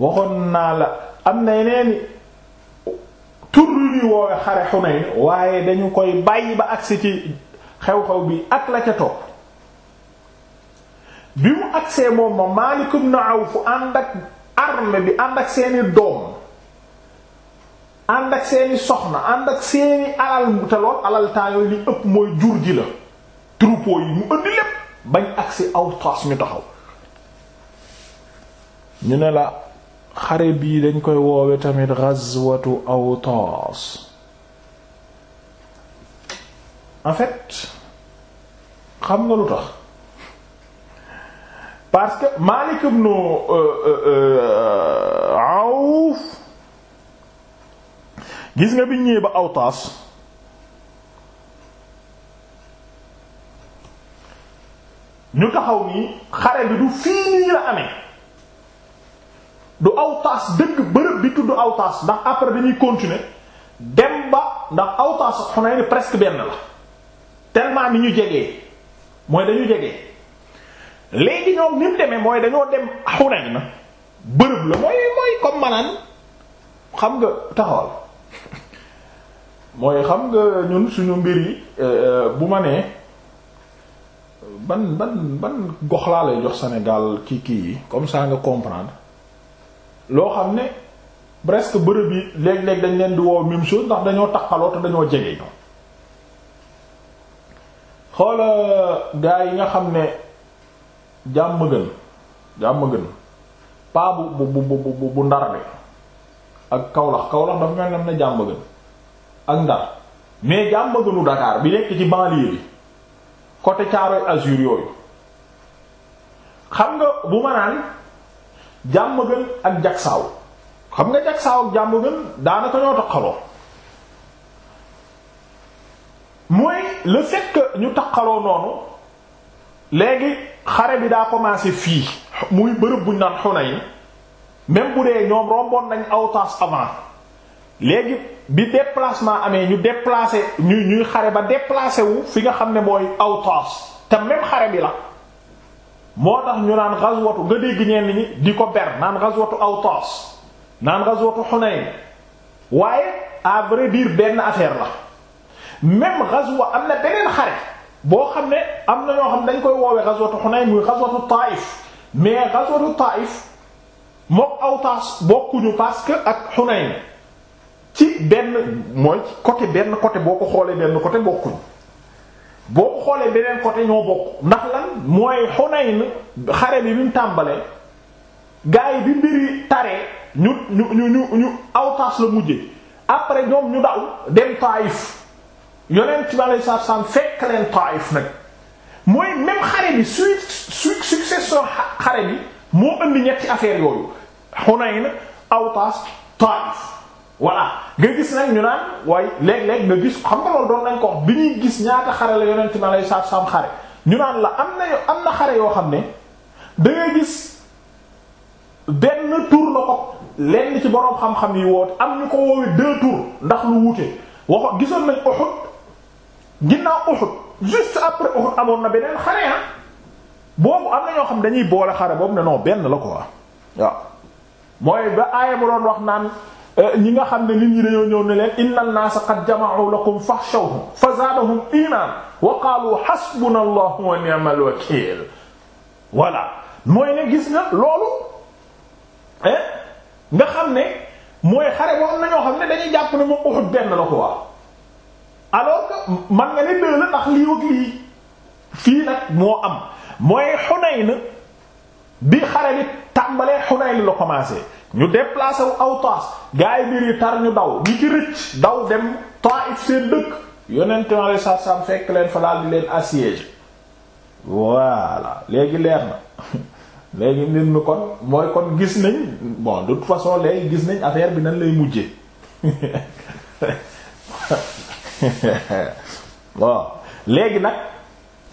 waxoon naa la am na yeneen tur yu ñuy woowe xare Xunayn waaye dañu koy bàyyi ba agsi ci xew-xew bi ak la ca topp bi mu agsee moom ma Maalik ibn Awf ànd ak armée bi ànd ak seeni doom ànd ak seeni soxna ànd ak seeni alal te lool alal temps li ëpp mooy jur ji la troupeau yi mu ëndi lépp bañ agsi Awtaas ñu taxaw ñu ne la xare bii dañ koy woowe tamit ghazwatu Awtaas en fait xam nga lu tax parce que Maalik ibn euh, euh, euh, Awf gis nga bi ñëwee ba Awtaas ñu taxaw nii xare bi du fii nii la amee du Awtaas dëgg bërëb bi tudd Awtaas ndax après dañuy continuer dem ba ndax Awtaas ak presque benn la tellement ni ñu jegee mooy dañu jegee léegi ñoom ni mu demee mooy dañoo dem Hunayn na bërëb la mooy mooy comme manaan xam nga taxawal mooy xam nga ñun suñu mbir yi euh, euh, bu ma nee ban ban ban gox jox Sénégal kii kii yi comme ça nga comprendre loo xam ne presque bërëb yi léeg-léeg dañ leen di woo même chose ndax dañoo takkaloo te dañoo jege ñoom xoola gaa yi nga xam ne jàmm gën jàmm gën paa bu bu bu bu bu ndar bi ak Kaolack Kaolack dafa mel ne na jàmm gën ak ndar mais jàmm gënu Dakar bi nekk ci banlieue bi. côté caaroy azur yooyu xam nga bu ma jàmm gën ak jagsaaw xam nga jagsaaw ak jàmm gën daanaka ñoo taqaloo mooy le fait ñu taqaloo noonu léegi xare bi daa commencé fii muy bërëb buñ naan Hunayn même bu dee ñoom romboon nañ Awtaas avant léegi bi déplacement amee ñu déplacé ñu ñuy xare ba déplacé wu fi nga xam ne mooy Awtaas te même xare bi la moo tax ñu naan ghazwatu nga dégg ñenn ñi di ko ber naan ghazwatu Awtaas naan ghazwatu Hunayn waaye à biir benn affaire la même ghazwa am na beneen xare boo xam ne am na ñoo xam ne dañ koy woowee ghazwatu Hunayn muy ghazwatu Taif mais ghazwatu Taif mook Awtaas bokkuñu parce que ak Hunayn ci benn mooy côté benn côté boo ko xoolee benn côté bokkuñ boo ko xoolee beneen côté ñoo bokk ndax lan mooy Hunayn xare bi bi mu tàmbalee gars yi bi mbiri taree ñu ñu ñu ñu ñu Awtaas la mujjee après ñoom ñu daw dem Taayif yonent bi alayhi salaatu salaam fekk leen Taayif nag mooy même xare bi suite suite succession xare bi moo indi ñetti affaire yooyu Hunayn Awtaas Taayif voilà nga gis nag ñu naan waaye léeg-léeg nga gis xam nga loolu doon nañ ko bi ñuy gis ñaata xare la yonent ma lay saab saam xare ñu naan la am na am xare yoo xam ne dangay gis benn tour la ko lenn ci boroom xam-xam yi woo am ñu ko woowee deux tours ndax lu wuute waxo gisoon nañ Uhud ginnaaw Uhud juste après Uhud amoon na beneen xare ah boobu am na ñoo xam dañuy boole xare boobu ne non benn la ko waaw mooy ba aaya mu wax naan ñi nga xam ne nit ñi dañoo ñëw ne leen inna an-naasa qad jama'u lakum fakhshawhum fazaadahum iimaana wa qaalu hasbunallahu wa ni'mal wakiil voilà mooy ne gis nga loolu nga xam ne mooy xare boo na ñoo xam ne dañuy jàpp ne moom Uhud benn la ko waaw alors man nga ne dëgg la ndax lii ak lii fii nag moo am mooy Hunayn bi xare bi tàmbalee Hunayn la commencé ñu déplacé wu Awtaas gars yi mbir yi tar ñu daw ñi ci rëcc daw dem Taif seen dëkk yonent mi alayhi salaatu fekk leen fa daal di leen assiégé voilà léegi leer na léegi nit ñu kon mooy kon gis nañ bon de façon léegi gis nañ affaire bi nan lay mujjee bon léegi nag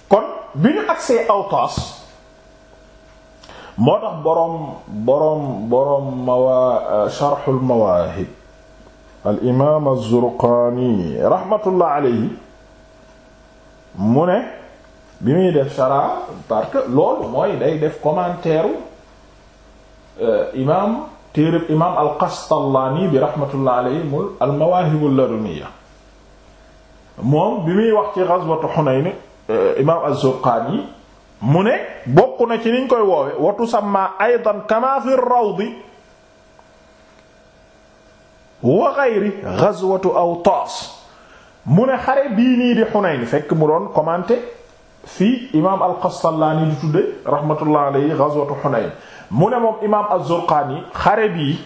kon bi ñu agsee Awtaas moo borom boroom boroom boroom mawaa eh, sharxul mawaahib al imaam az-Zurqaani rahmatullah alayhi mu bi muy def shara parce def commentaire eh, imaam téereb imaam al-Qastallaani bi rahmatullah alayhi mu al mawaahib al-ladunniya moom bi muy wax ci ghazwatu Hunayn eh, imaam az-Zurqaani mu ne bokk na ci niñ koy woowe watu sama aydan kama fi rawdi wa ghayri ghazwatu Awtaas mu ne xare bii nii di Hunayn fekk mu doon commenté fii imaam al-Qastallaani di tudde rahmatullah alayhi ghazwatu Hunayn mu ne moom imaam az-Zurqaani bii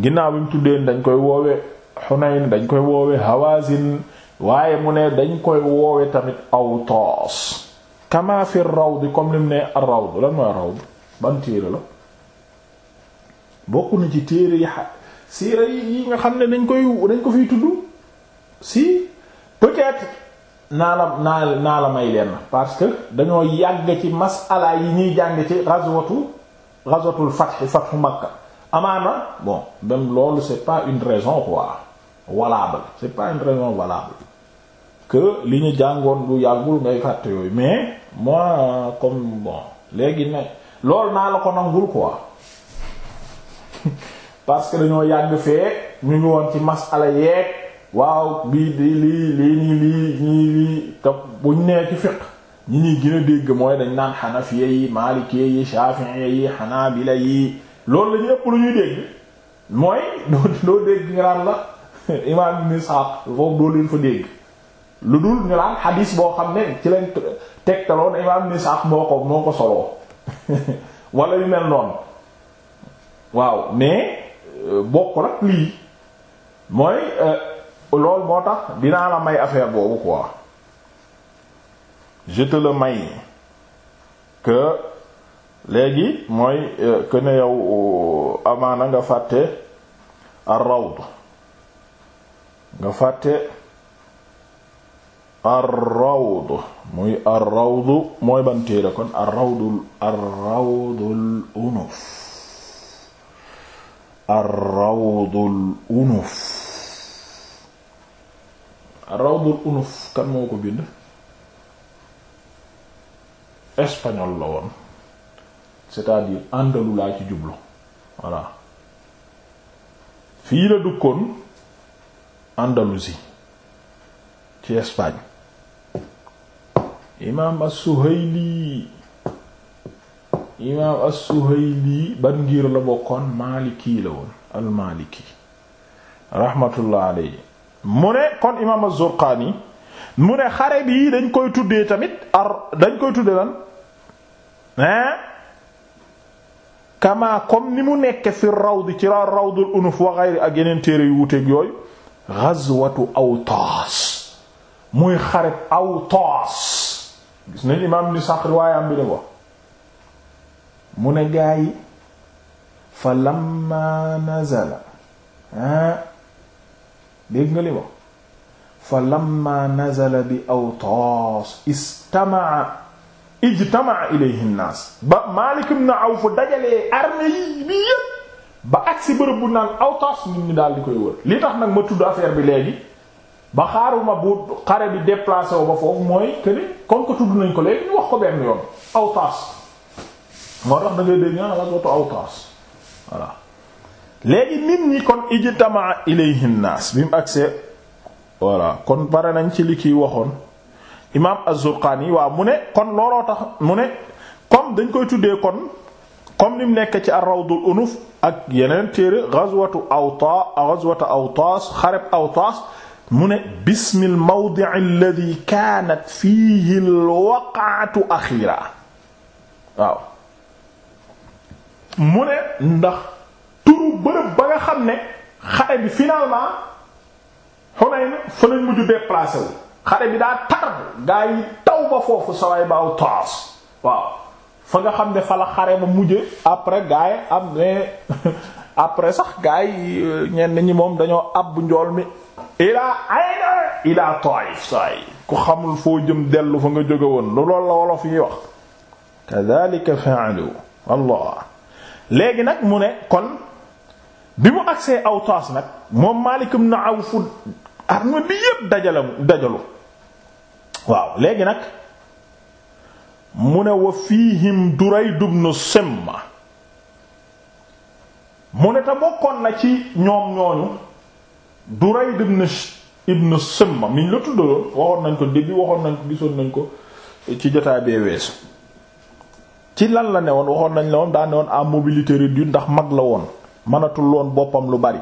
ginnaaw bi mu tuddeen dañ koy woowe Hunayn dañ koy woowe waaye mu ne dañ koy woowe tamit Awtaas kama raw rawd comme lim ne ar-rawd lan mooy rawd ban téere la bokk na ci téere yi siira yi nga xam ne dañ koy dañ ko fi tudd si peut naa la naa la may leen parce que dañoo yàgg ci masala yi ñuy jàng ci ghazwatu ghazwatul fath fathu Makka amaana bon même loolu c'est pas une raison quoi valable c'est pas une raison valable li ñu jàngoon bu yàggul ngay fàtte yooyu mais moi comme bon léegi ne lool naa la ko nangul quoi parce que dañoo yàgg fee ñu ngi woon ci masala yeeg waaw bii di lii lii nii lii ñii lii te buñ nee ci fiqh ñi ñuy gën dégg mooy dañ naan xanafiya yi maalikee yi shafi'iyya yi xanaabila yi loolu la ñu ëpp lu ñuy dégg mooy doo dégg nga naan la imam ibn Sa'd foofu doo leen fa dégg lu dul ñu naan xadiis boo xam ne ci lañ tegtaloon imaam ibn Isaaq moo ko moo ko soloo wala yu mel noonu waaw mais euh, bokkul ak lii mooy euh, lool moo tax dinaa la may affaire boobu quoi je te le may que léegi mooy euh, que ne yow amaana nga fàtte ar nga fàtte. ar-rawd muy ar mooy ban kon ar-rawdul unuf ar unuf kan moo ko bind espagnol la woon c'est-à-dire àndalu laa ci jublu voilà fii la dukkoon Andalousie ci Espagne imaam as-Suhayli imaam as-Suhayli ban ngir la bokkoon Maliki la woon al-Maliki rahmatullah alayhi mu ne kon imaam az-Zurqaani mu ne xare bi dañ koy tuddee tamit ar dañ koy tuddee lan hein kamaa comme ni mu nekk fi rawd ci ra rawdul unuf wa ghayri ak yeneen téere yu wuteeg yooyu ghazwatu Awtaas muy xare Awtaas gis nañ imaam ni sax riwaaya am bi ne wax mu ne gaa yi fa lamma nazala ah dégg nga li wax fa lamma nazala bi Awtaas istamaa ijtamaa ilayhi nnaas ba Maalik ibn Awf dajalee armée yi bi yépp ba agsi bërëb bu naan Awtaas nit ñi daal di koy wër li tax nag ma tudd affaire bi léegi ba xaaruma bu xare bi déplacé wu ba foofu mooy que ni comme que nañ ko léegi ñu wax ko benn yoon Awtaas moo tax da ngay ñi kon ijtamaa ilayhi naas bi mu agsee voilà kon pare nañ ci li kiy waxoon imaam Az-Zurqaani waaw mu ne kon looloo tax mu ne comme dañ koy tuddee kon comme ni mu nekk ci ar-Rawdul Unuf ak yeneen téere ghazwatu Awtaas ghazwatu Awtaas xareb Awtaas mu ne bismi almawdi alladi kaanat fiihi alwaqaatu axira waaw mu ne ndax turu bërëb ba nga xam ne xare bi finalement Hunayn fa lañ mujj déplacé wu xare bi daa tar gaa yi taw ba foofu saway baaw taas waaw fa nga xam ne fa la xare ba mujje après gaa yi am ne après sax gaa yi ñenn ñi moom dañoo àbb njool mi ilaa ayna ilaa Taif saay ku xamul foo jëm dellu fa nga jóge woon lu lool la wolof yi wax kadhalika fa'alu allah léegi nag mu ne kon bi mu agsee aw Awtaas nag moom Maalik ibn Awf arme bi yépp dajalam dajalu waaw léegi nag mu ne wa fiihim Durayd ibn Simma mu ne te bokkoon na ci ñoom ñooñu Durayd ibn ibn Simma miñ la tuddaloon waxoon nañ ko début waxoon nañ ko gisoon nañ ko ci jotaay bee weesu ci lan la ne woon waxoon nañ la woon daa ne woon à mobilité réduite ndax mag la woon mënatul woon boppam lu bari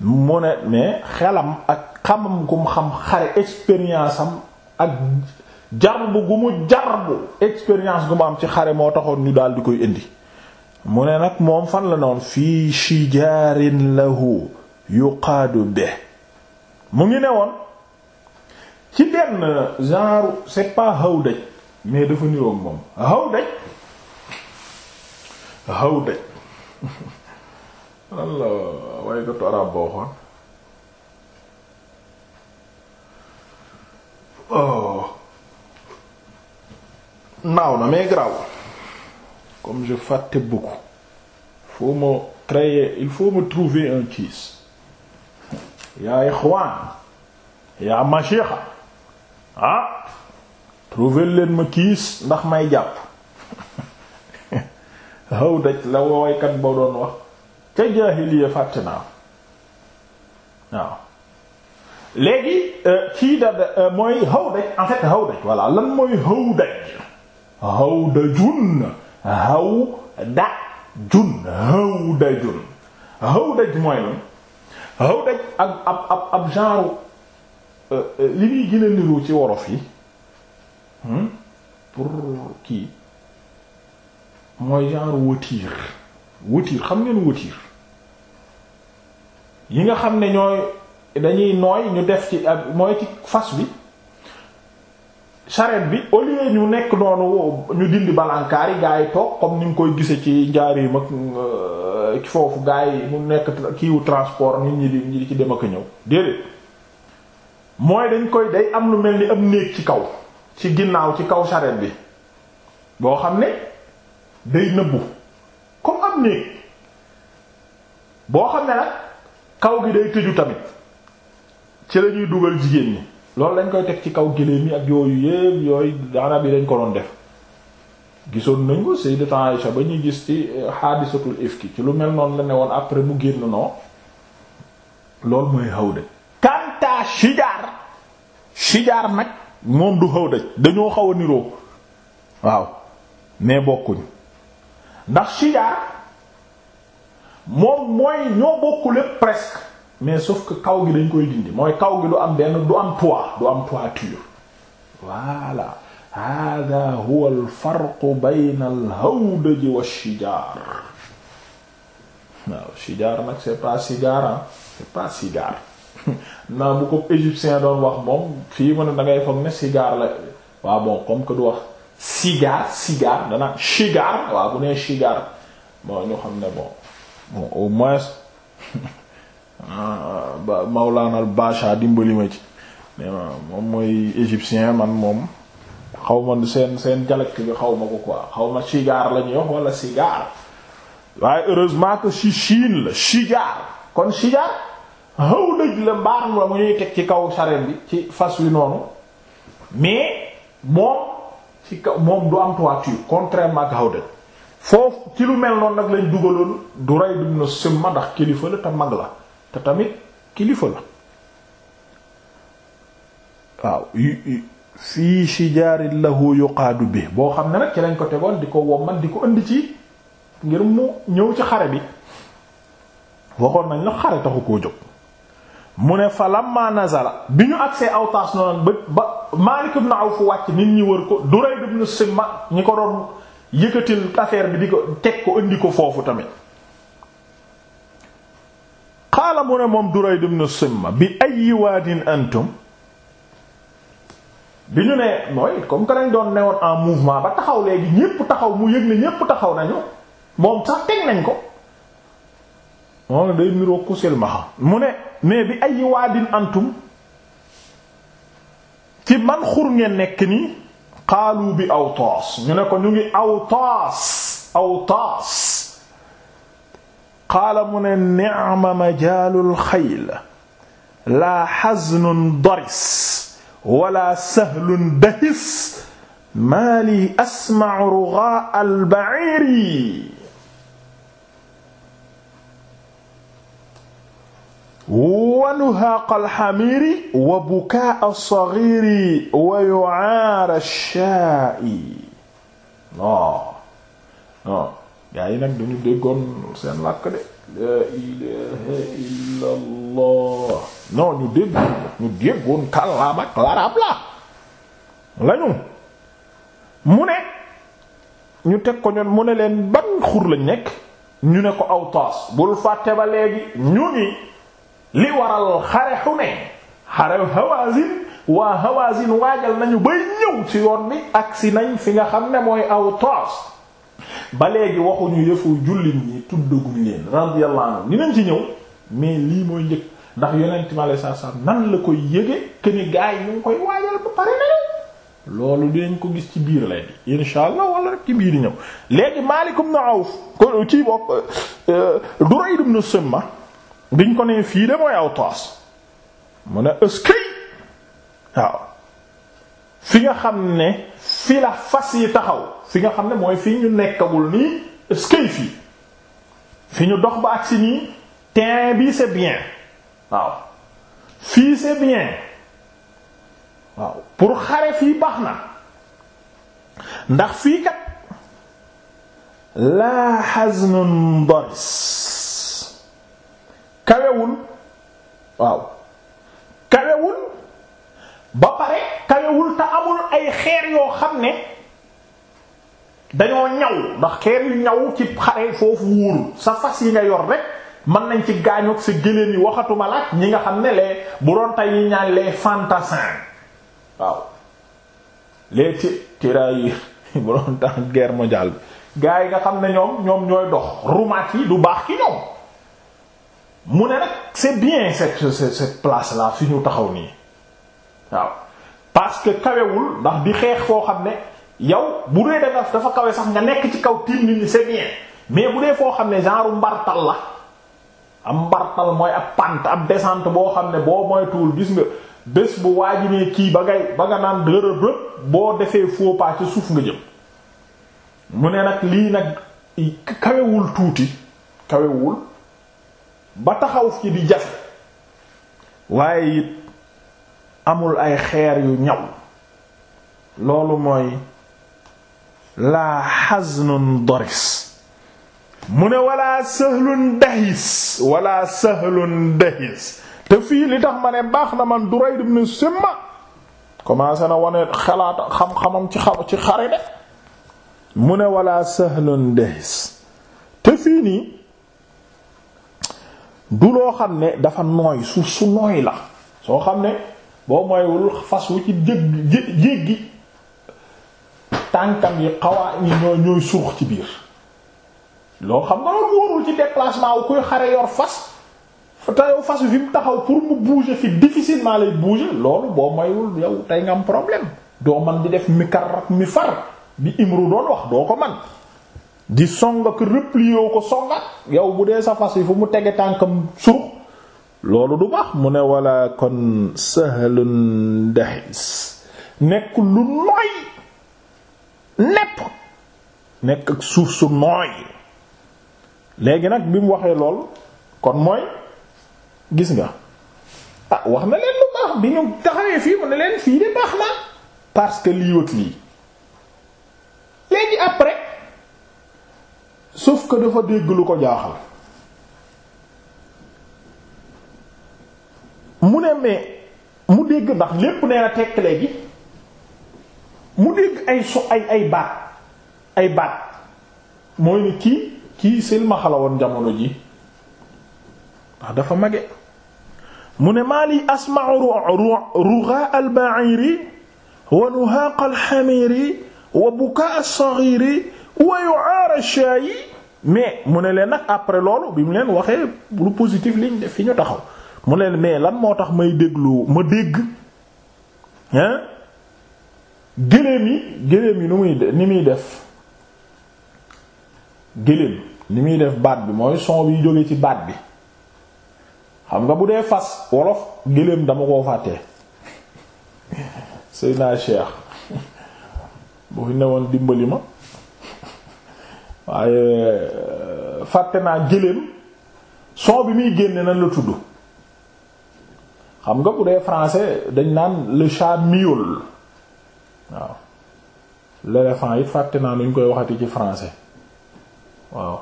mu ne mais xelam ak xamam gum xam xare expérience am ak jarbu gu mu jarbu expérience gu mu am ci xare moo taxoon ñu daal di koy indi mu ne nag moom fan la ne woon fii shijaarin lahu yuqaadu be mu ngi ne woon ci benn genre c'est pas hawdaj mais dafa niroog moom hawdaj hawdaj walla waaye oh. naaw na mais comme je fàtte beaucoup faut me créer il faut me trouver un kiis yaa ixwaan yaa mashixa ah trouver leen ma kiis ndax may jàpp haw daj la woykat ba doon wax ca jaahiliya fàtte naa waaw léegi euh, kii da euh, mooy haw daj en lan mooy haw daj haw dajun haw mooy lan xaw daj ab ab ab genre euh, euh, li muy gën a niru ci worof yi hmm, pour kii mooy genre wëtiir wëtiir xam ngeen wëtiir yi nga xam ne ñooy dañuy nooy ñu def ci ab mooy ci fas bi charrette bi au lieu ñu nekk noonu ñu dindi balankaar yi gaa yi toog comme ni nga koy gisee ci njaari mag euh, ci foofu gaa yi mu nekk kiiwu transport nit ñi di ñi di ci dem ak ñëw déedéet mooy dañ koy day am lu mel ni am néeg ci kaw ci ginnaaw ci kaw charrette bi boo xam ne day nëbbu comme am néeg boo xam ne nag kaw gi day tëju tamit ci lañuy dugal jigéen ñi loolu lañ koy teg ci kaw gëléem yi ak yooyu yépp yooyu arab bi dañ ko doon def gisoon nañ ko Sayyidatu Aïsha ba ñuy gis ci xaadisatul euh, ifki ci lu mel noonu la ne woon après mu génn noo loolu mooy hawdaj kanta shijaar shijaar nag moom du hawdaj dañoo xaw a niroo waaw mais bokkuñ ndax shijaar moom mooy ñoo bokku presque mais sauf que kaw gi dañ koy dindi mooy kaw gi du am benn du am poids du am poiture voilà hada huwa al farqu bayna al hawdaji wa shijaar waaw shijaar nag c'est pas cigare c'est pas cigare naa bu ko égyptien doon wax moom fii mën a foog ne cigare la waaw bon comme que du wax cigare cigare danaa chigar waaw bu nee chigar bon ñu xam ne bon au moins Ah, mawlaanal Bacha dimbali ma ci moom mooy égyptien man moom xaw ma seen seen dialecte bi xaw ma ko quoi xaw ma cigaar la ñuy walla wala cigar waaye heureusement que si Chine la cigar kon cigar xaw dëj la mbaaram la mu ñuy teg ci kaw charrette bi ci fas wi noonu mais moom ci kaw moom du am toiture contrairement ak xaw dëj foofu ci lu mel noonu nag lañ dugaloon du rey dum na sëmma ndax kilifa la te mag la tamit kilifa la waaw fii shijaarin lahu yuqaadu bi boo xam ne nag ci lañ ko tegoon di ko womman di ko indi ci ngir mu ñëw ci xare bi waxoon nañ la xare taxu koo jóg mu ne fa lamma nazala bi ñu agsee awtaas noonu ba ba Maalik ibn Awf wàcc nit ñi wër ko Durayd ibn Simma ñi ko doon yëkkatil affaire bi di ko teg ko indi ko foofu tamit qaala mu ne moom Durayd ibn Simma bi ayyi waadin antum bi ñu ne mooy comme que dañ doon newoon en mouvement ba taxaw léegi ñépp taxaw mu yëg ne ñépp taxaw nañu moom sax teg nañ ko moom ne day niroo ku silmaxa mu ne mais bi ayyi waadin antum ci man xur ngeen nekk nii qaalu bi Awtaas ñu ne ko ñu ngi Awtaas Awtaas qaala mu ne ni'ma majaalul xayl laa xaznun daris wala sahlun dahis maa lii asma'u rugaa al-ba'iiri wa nuhaaqa al-hamiiri wa bukaa'a as-saghiiri wa yu'aara ash-shaa'i gaa yi nag dañu déggoon seen làkk de la ilaha illa allah ñu déggoon ñu déggoon kàllaama ak la lañu mu ne ñu teg ko ñoon mu ne leen ban xur lañ nekk ñu ne ko Awtaas bul fàtte ba léegi ñu ngi li waral xare Hunayn xare Hawaazin waa Hawaazin waajal nañu bay ñëw ci yoon bi agsi nañ fi nga xam ne mooy aw Awtaas ba léegi waxuñu yëfu jullit ñi tuddaguñ leen radiyallahu anhu dinañ ci ñëw mais lii mooy njëkk ndax yonent mi alayhi salaam nan la koy yëge que ni gars yi koy waajal ba pare na loolu dinañ ko gis ci biir lay di insha allah wala rek ci biir di ñëw léegi Maalik ibn Awf ko ci bokk euh, Durayd ibn Simma biñ ko nee fii de mooy Awtaas mu ne ëskay waaw fi nga xam ne fi la fas yi taxaw fi nga xam ne mooy fii ñu nekkagul nii skay fii fi ñu dox ba si nii terrain bi c'est bien waaw fii c'est bien waaw pour xare fii baax na ndax fii kat laa xasnun doris kawewul waaw kawewul ba pare kawewul te amul ay xeer yoo xam ne dañoo ñaw ndax xeer yu ñaw ci xare foofu wóorul sa fas yi nga yor rek mën nañ ci gaañoog sa gëléen yi waxatuma laaj ñi nga xam ne les bu doon tey yi fantasin les fantassins waaw les tirailleurs bu doon tax guerre mondiale bi gars nga xam ne ñoom ñoom ñooy dox rumaat yi du baax ki ñoom mu ne nag c'est bien cette cette place là fi ñu taxaw nii waaw parce kawewul ndax di xeex foo xam ne yow bu dee dafa dafa kawe sax nga nekk ci kaw tiim nit ñi c'est mais bu dee foo xam ne genre mbartal la am mbartal mooy ab pente ab descente boo xam ne boo moytuwul gis nga bés bu waajimee kii ba ngay ba nga naan dërëb boo defee faux pas ci suuf nga jëm mu ne nag lii nag kawewul tuuti kawewul ba taxaw ci di jafe waaye it amul ay xeer yu ñaw loolu mooy laa xaznun doris mu ne walaa sëhlun dahis walaa sëhlun dahis te fii li tax ma ne baax na man Durayd ibn Simma commencé na wane xalaat xam-xamam ci xaw xare de mu ne walaa sëhlun dahis te fii nii du loo xam ne dafa nooy suuf su nooy la soo xam ne boo mooywul fas wu ci jéggi jéggi tànkam yi xawaa yi ñooy ñooy suux ci biir loo xam nga loolu wóorul ci déplacement wu koy xare yor fas te yow fas fi mu taxaw pour mu bouger fi difficilement lay bouger loolu boo mayul yow tey nga am problème doo man di def mi kar ak mi far bi imru doon wax doo ko man di song ak replier ko songat yow bu dee sa fas yi fu mu tege tànkam surux loolu du baax mu ne wala kon sahalun dahis nekk lu nooy nepp nekk suuf su nooy léegi nag bi mu waxee lool kon mooy gis nga ah wax na leen lu baax bi ñu taxawee fii mu ne leen fii de baax na parce que lii wëkk lii léegi après sauf que dafa dégg lu ko jaaxal mu ne mais mu dégg ndax lépp nee na tekk léegi mu dégg ay so ay ay baat ay baat mooy ni kii kii silma jamono ji ndax ah, dafa mage mu ne maa li asma'u rugaa al-ba'iri wa nuhaaq al-hamiri wa bukaa as-saghiri wa yu'aar ash mais mu ne leen nag après loolu bi mu leen waxee lu positif liñ def fi ñu taxaw mu leen mais lan moo tax may déglu ma dégg hein géléem yi géléem yi nu muy ni muy def géléem ni muy def baat bi mooy son bi jóge ci baat bi xam nga bu dee fas wolof géléem dama koo fàttee sëy naa cheikh bu ne woon dimbali ma waaye euh, fàtte naa géléem son bi muy génne nan la tudd xam nga bu dee français dañ naan le chat miaule waaw l'éléphant yi fàtte naa nuñ koy waxati ci français waaw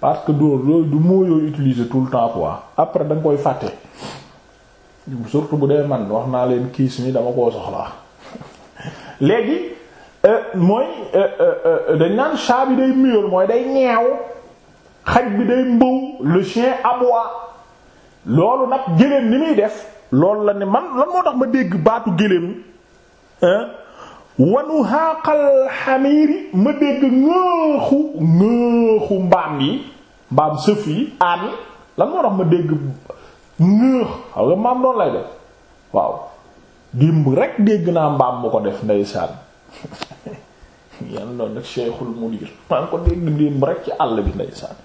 parce que dóor yooyu du moo yooyu utiliser tout le temps waa après da koy fàtte surtout bu dee man wax naa leen kiis mi dama koo soxlaa léegi euh, mooy euh, euh, dañ naan chat bi day miaule mooy day ñeew xaj bi day mbëw le chien aboie loolu nag géléem ni muy def loolu la ne man lan moo tax ma dégg baatu géléem wanu xaaqal xamiiri ma dégg ŋaaxu ŋaaxu mbaam yi mbaam sëf yi aan lan moo tax ma dégg ŋaax xam nga mbaam noonu lay def waaw dimb rek dégg naa mbaam mu ko def ndeysaan yan doon nag Cheikhul Munir maa ngi ko dégg dimb rek ci àll bi ndeysaan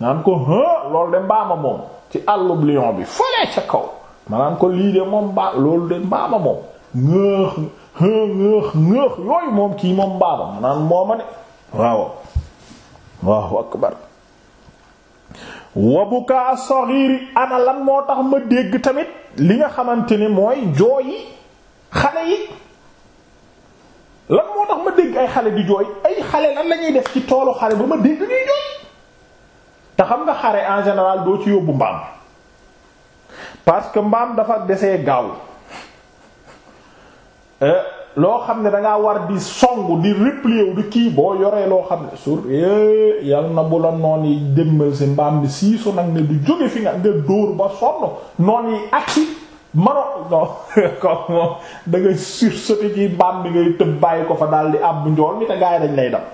naan ko hë loolu de mbaama moom ci àllub lion bi fële ca kaw ma ko lii de moom mbaa loolu de mbaama moom ŋaax ngëx ngëx yooyu moom kii moom baabam naan mooma ne waaw waaw akbar wabukaa saxiiri ana lan moo tax ma dégg tamit li nga xamante ni mooy jooyi xale yi lan moo tax ma dégg ay xale di jooy ay xale lan lañuy def ci toolu xale ba ma dégg ñuy jooy te xam nga xare en général doo ci yóbbu mbaam parce que mbaam dafa desee gaaw Eh, loo xam ne dangaa war di song di replier wu di kii boo yoree loo xam ne sur eh, yal na bu la noon yi démmal si mbaam bi siisu nag ne du jóge fi nga nga dóor ba sonn noon yi agsi mano non ko moom da bàyyi ko fa daal di àbb njool mi te dañ lay dab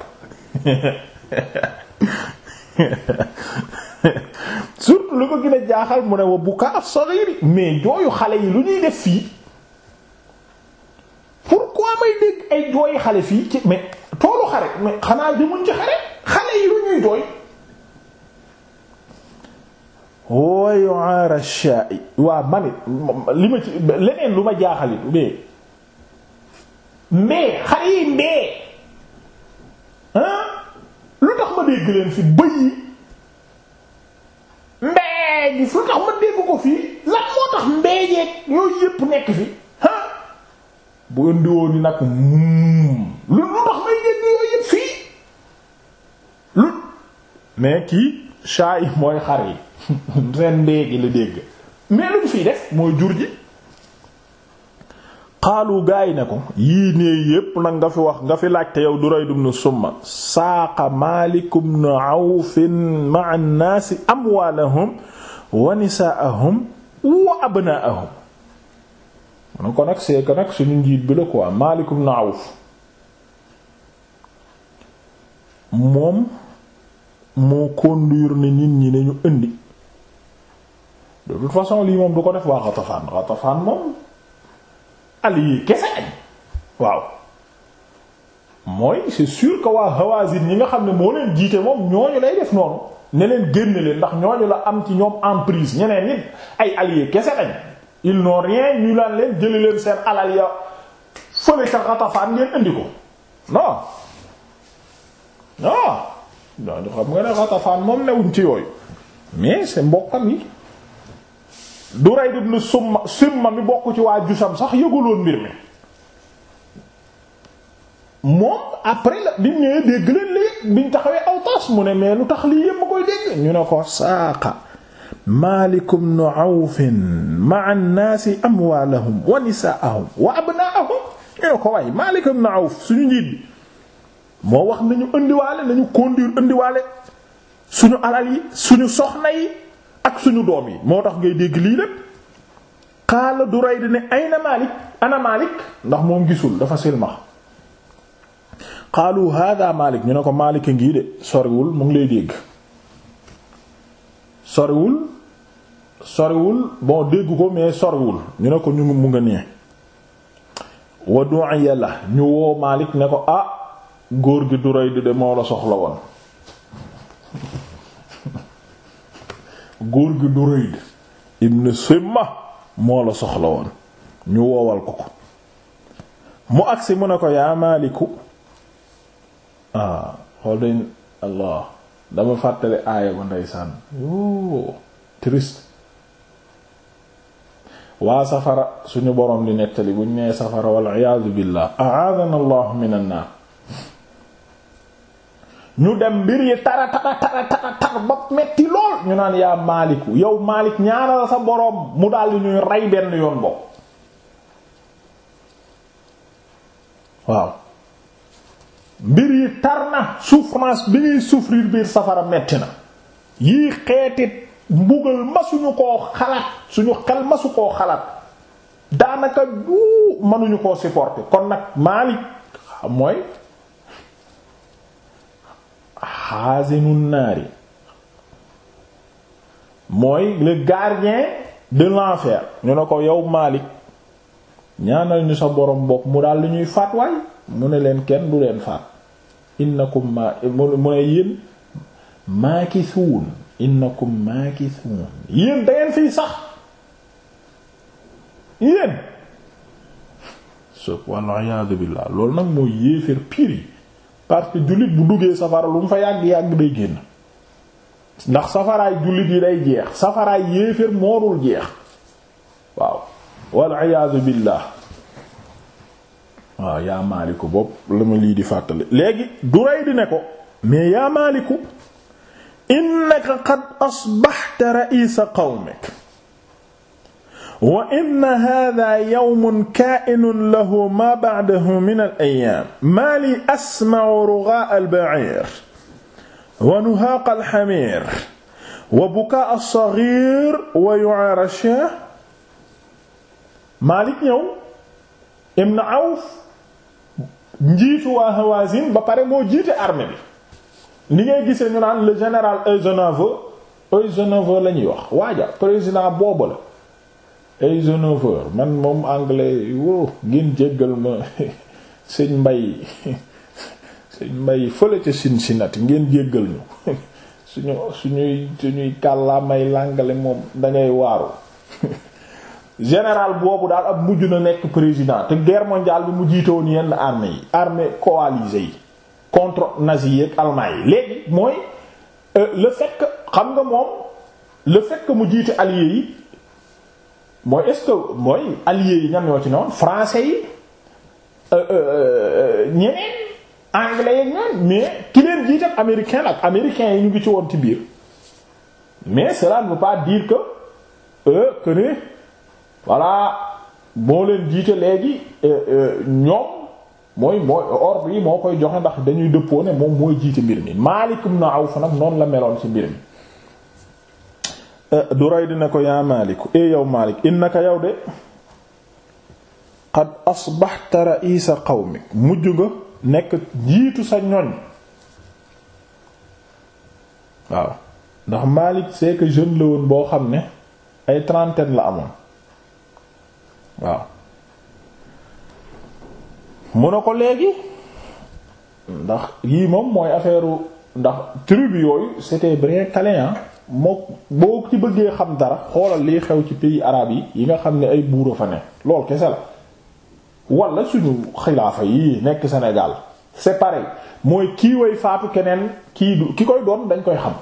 surtout lu ko gën a jaaxal mu ne wa bu ka af mais jooyu xale yi lu ñuy def fii pourquoi may dégg ay jooyi xale fii ci mais toolu xare mais xanaa jëmuñ ci xare xale yi lu ñuy jooy wayu arasha i waa manit li ma ci leneen lu ma jaaxal it mais mais xare yi mbee lu tax ma dégg leen fi bëy yi mbee gi lu tax ma dégg ko fii lan moo tax mbee yeeg yooyu yépp nekk fi bu indi ni nag lu lu tax may génn yooyu yëpp fii lu mais kii chat yi mooy xar yi seen mbéegi la dégg mais lu ñu fiy def mooy jur ji xaalu gaa yi ne ko yii nee yépp nag nga fi wax nga fi laajte yow Durayd ibn Summa saaqa Maalik ibn Awf ma'a an amwaalahum wa nisaa'ahum wa abnaa'ahum man ko nag c'est que nag suñu njiit bi la quoi Maalik ibn Awf moom moo conduire ne nit ñi ne ñu indi de toute façon lii moom du ko def waa Ghatafan Ghatafan moom allié kese añ waaw mooy c'est sûr que waa Hawazin ñi nga xam ne moo leen jiite moom ñooñu lay def noonu ne leen génn leen ndax ñooñu la am ci ñoom emprise ñeneen nit ay allié kese añ ils n'ont rien ñu lan leen jëli leen seen alal ya fële ca Ghatafaan ngeen indi ko non non non xam nga ne Ghatafaan moom newuñ ci yooyu mais c'est mbokkam yi Durayd ibn Summa Summa mi bokk ci waa Jusam sax yëguloon mbir mi moom après la bi ñëwee dégg leen lii biñ taxawee Awtaas mu ne mais lu tax lii yëpp ma koy dégg ñu ne ko saaqa Maalik ibn Awf ma'a an-naasi amwaalahum wa nisaa'ahum wa abnaa'ahum ñoo ko waay Maalik ibn Awf suñu njiit moo wax nañu indiwaale nañu conduire indiwaale suñu alal yi suñu soxna yi ak suñu doom yi moo tax ngay dégg lii lépp xaala du rey di ne ayna Maalik ana Maalik ndax moom gisul dafa silmax xaalu hada Maalik ñu ne ko Maalik a ngii de soriwul mu ngi lay dégg soriwul soriwul bon dégg ko mais soriwul ñu ne ko ñu mu nga nee wa du'iya la ñu woo Malik ne ko ah góor gi duray di de góor gi Durayd ibn Simma moo la soxla woon ñu woowal ko ko mu agsi mu ne ko yaa Maaliku ah xool dañ dama fàttale aaya ba ndeysaan yoo triste waa safara suñu boroom di nettali buñ nee safara wal iyaadu billah a'aadana allahu minan naar ñu dem mbir yi tara tara tara tara tar ba metti lool ñu naan yaa maaliku yow maalik ñaanal sa boroom mu daldi ñuy rey benn yoon bopp waaw mbir yi tar na souffrance bi ñuy souffrir biir safara metti na yii xeetit mbugal masuñu koo xalaat suñu xel masu koo xalaat daanaka du mënuñu koo supporter kon nag Maalik mooy xaasinu naari mooy le gardien de l'enfer ñu ne ko yow Maalik ñaanal ñu sa borom bopp mu daal li ñuy faat waay mu ne leen kenn du leen faat innakum ma mu ne yéen maakisuun innakum maakithun yéen da ngeen fii sax yéen so walla iyaadu billaah loolu nag mooy yéeféer piir parce que jullit bu duggee safara lu mu fa yàgg yàgg day génn ndax safaraay jullit yi day jeex safaraay yéeféer moorul jeex waaw walla waaw yaa maaliku bopp la ma lii di fàttali léegi du rey di ne ko mais yaa maaliku innaka qad asbaxta ra'iisa qawmik wa inna haadaa yawmun kaa'inun lahu maa ba'dahu min al-ayyaam maa lii asma'u rughaa'a al-ba'iir wa nuhaaqa al-hamiir wa bukaa'a as-saghiir wa yu'aaraa ash-shaah Maalik ñëw ibn Awf njiitu waa Hawaazin ba pare moo jiite armée bi li ngay gisee ñu naan le général Eisenhower Eisenhower la ñuy wax waaja président boobu la Eisenhower man moom anglais wo ngeen jéggal ma sëñ mbay sëñ mbay fële ca Cincinnati ngeen jéggal ñu suñu suñuy suñuy kàllaamay làngale moom dangay waaru général boobu daal ab mujj na nekk président te guerre mondiale bi mu jiite woon yenn armée yi armée coalisée yi contre nazi yeeg allemand yi léegi mooy euh, le fekk xam nga moom le fekk mu jiite allié yi mooy est-ce que mooy allié yi ñam ñoo ci newoon français yi euh, euh, ñeneen anglais yeeg ñoom mais ki leen jiite américain ak américain yi ñu ngi ci woon ci biir mais cela ne veut pas dire que euh que ne voilà moo leen jiite léegi ñoom. mooy mooy ordre yi moo koy joxe ndax dañuy dëppoo ne moom mooy jiite mbir mi Maalik ibn Awf nag noonu la meloon ci mbir du eh, Durayd ne ko yaa Maalik e eh, yow Maalik innaka yow de qad asbaxta raisa qawmik mujj nga nekk jiitu sa ñoñ waaw ndax Maalik c'est jeune la woon boo xam ne ay trentaine la amoon waaw mu ne ko léegi ndax yii moom mooy affaire ndax tribu yooyu c'était bien calé moo boo ci bëggee xam dara xoolal liy xew ci pays arabes yi yi nga xam ne ay buur a fa ne lool kese la wala suñu xilaafa yi nekk Sénégal c'est pareil mooy kii faatu keneen kii du ki koy doon dañ koy xam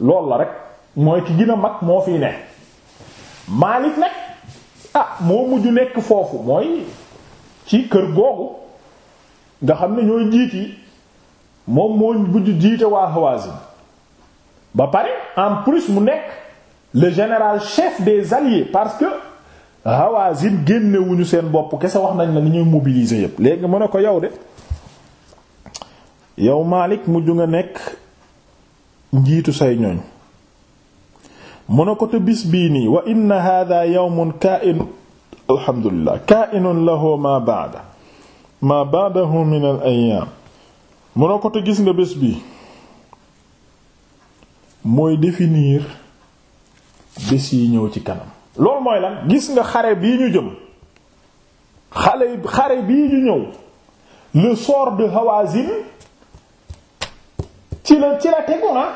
lool la rek mooy ki gën mag moo fiy ne Malik nag ah moo mujj nekk foofu mooy ci kër googu nga xam ne ñooy jiit yi moom moo bujj jiite waa Hawazin ba pare en plus mu nekk le général chef des alliés parce que Hawazin génnewuñu seen bopp kese wax nañ la ni ñuy mobiliser yépp léegi mu ne ko yow de yow Malik mujj nga nekk njiitu say ñooñ mu ne ko te bis bii nii wa inna hadha yawmun ka'in alhamdulilah kaa'inun lahu ma ba'da ma ba'dahu min al ayyam mu ko te gis nga bés bi mooy définir bés yi ñëw ci kanam loolu mooy lan gis nga xare bii ñu jëm xale xare bii ñu ñëw le sort Hawazin ci la ci la tegu na ah.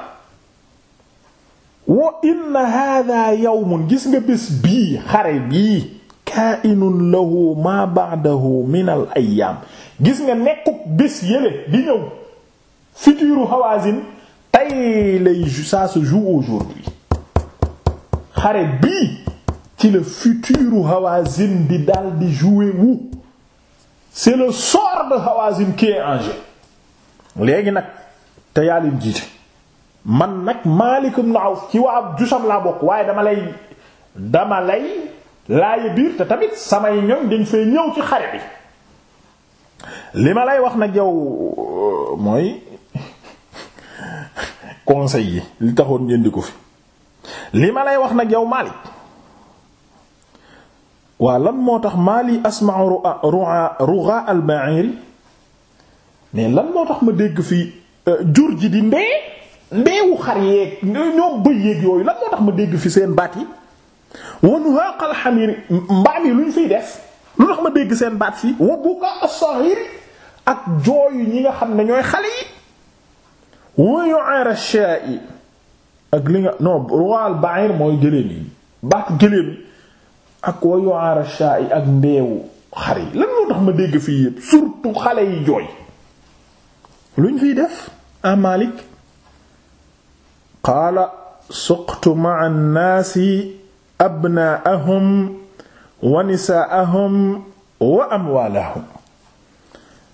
wa inna hadha yawmun gis nga bés bii xare bii kaa'inun lahu ma ba'dahu min al ayyaam gis nga nekkuk bés yële di ñëw futur Hawazin tey lay ça se joue aujourd'hui xare bii ci le futur Hawazin di dal di jouer wu c'est le sort de Hawazin qui est en jeu léegi nag te yaa leen jiite man nag Maalik ibn Awf ci waa Jusam laa bokk waaye dama lay dama lay laayi biir te tamit samay ñoñ dañ fay ñëw ci xare bi li ma lay wax nag yow euh, mooy conseil yi li taxoon njëndi ko fi li ma lay wax nag yow Malik waa lan moo tax Mali asma'u ru'a ru'a al-ba'ir mais lan moo tax ma dégg fii euh, jur ji di mbee mbeewu xar yeeg ñoom bëy yeeg yooyu lan moo tax ma dégg fi seen baat yi wa nuhaaq alxamiir mbaam yi lu ñu fiy def lu tax ma dégg seen baat fii wa bukaa as ak jooyu ñi nga xam ne ñooy xale yi wa yu'aar ash-shaa'i ak li nga non ruwaal yi ak wa ak mbeewu xar yi lan moo tax ma dégg fii yépp surtout xale yi jooy lu ñu fiy def a ah, Maalik qaala suqtu ma'a an-naasi abnaahum wa nisaahum wa amwaalahum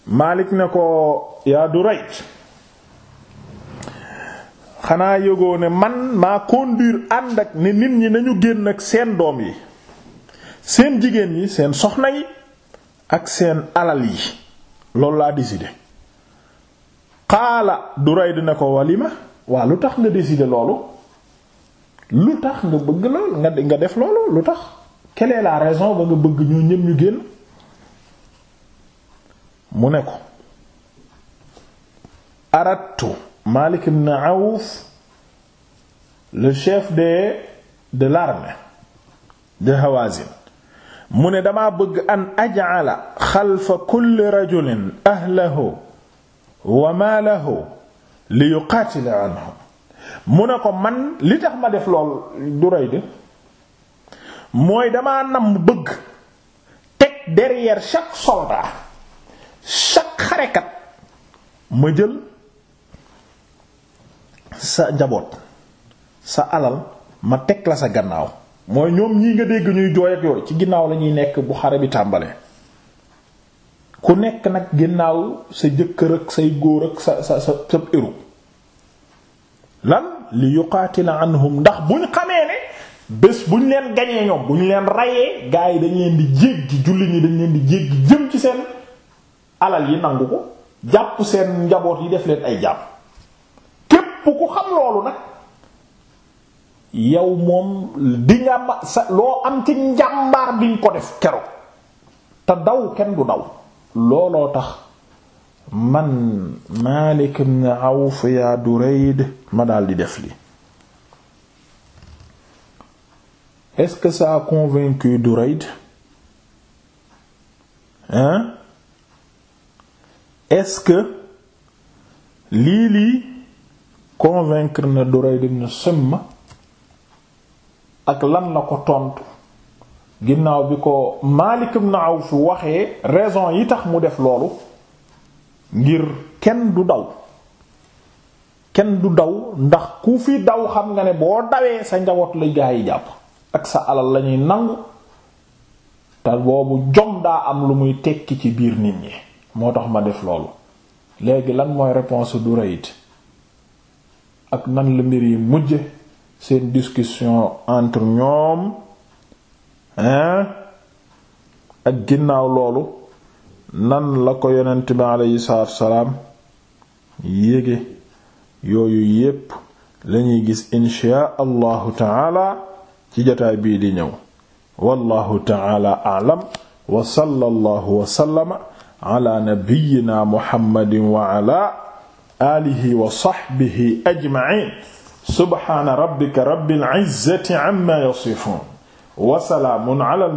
Maalik ne ko yaa Durayd xanaa yëgoo ne man maa conduire ànd ak ne nit ñi nañu génn ak seen doom yi seen jigéen yi seen soxna yi ak seen alal yi loolu laa décidé xaala Durayd ne ko walima waa lu tax nga décidé loolu lu tax nga bëgg lool nga nga def loolu lu tax quelle la raison ba nga bëgg ñu ñëm ñu génn mu ne ko aratu Malik ibn Awf le chef de de l'armée de Hawazin mu ne dama bëgg an aj'ala xalfa kulli rajulin ahlahu wa maalahu li yuqaatila anhum mu ne ko man li tax ma def lool du rëy de mooy damaa nam bëgg teg derrière chaque soldat chaque xarekat ma jël sa njaboot sa alal ma teg la sa gannaaw mooy ñoom ñi nga dégg ñuy jooy ak ci ginnaaw la ñuy nekk bu xare bi tàmbalee ku nekk nag ginnaaw sa jëkkër ak say góor ak sa sa sa sa lan li na anhum ndax buñ xamee ne bés buñ leen gañee ñoom buñ leen rayee gaa yi dañ leen di jéggi julli ñi dañ leen di jéggi jëm ci seen alal yi nangu ko jàpp seen njaboot yi def leen ay jàpp képp ku xam loolu nag yow moom di nga ma sa loo am ci njàmbaar biñ ko def keroog te daw kenn du daw looloo tax man Maalik ibn Awf yaa Durayd ma daal di def li est-ce que ça a convaincu Durayd est-ce lii lii convaincre na Durayd ibn Simma ak lan la ko tontu ginnaaw bi ko Maalik ibn fu waxee raison yi tax mu def loolu ngir kenn du daw kenn du daw ndax ku fi daw xam nga ne boo dawee sa njawoot la gaa yi jàpp ak sa alal lañuy nangu te boobu jom daa am lu muy tekki ci biir nit ñi moo tax ma def loolu léegi lan mooy réponse du rayit ak nan la mbir yi mujje seen discussion entre ñoom ak ginnaaw loolu nan la ko yonent bi aleyhi salaatu salaam yéege yooyu yépp lañuy gis inchaa allahu taala ci jataay bii di ñëw wallahu taala a'lam wa sallallahu wa sallama ala nabiyyina muhammadin wa ala alihi wa sahbihi ajma'in subhana rabbika rabbil izzati amma yasifun wa salaamun ala al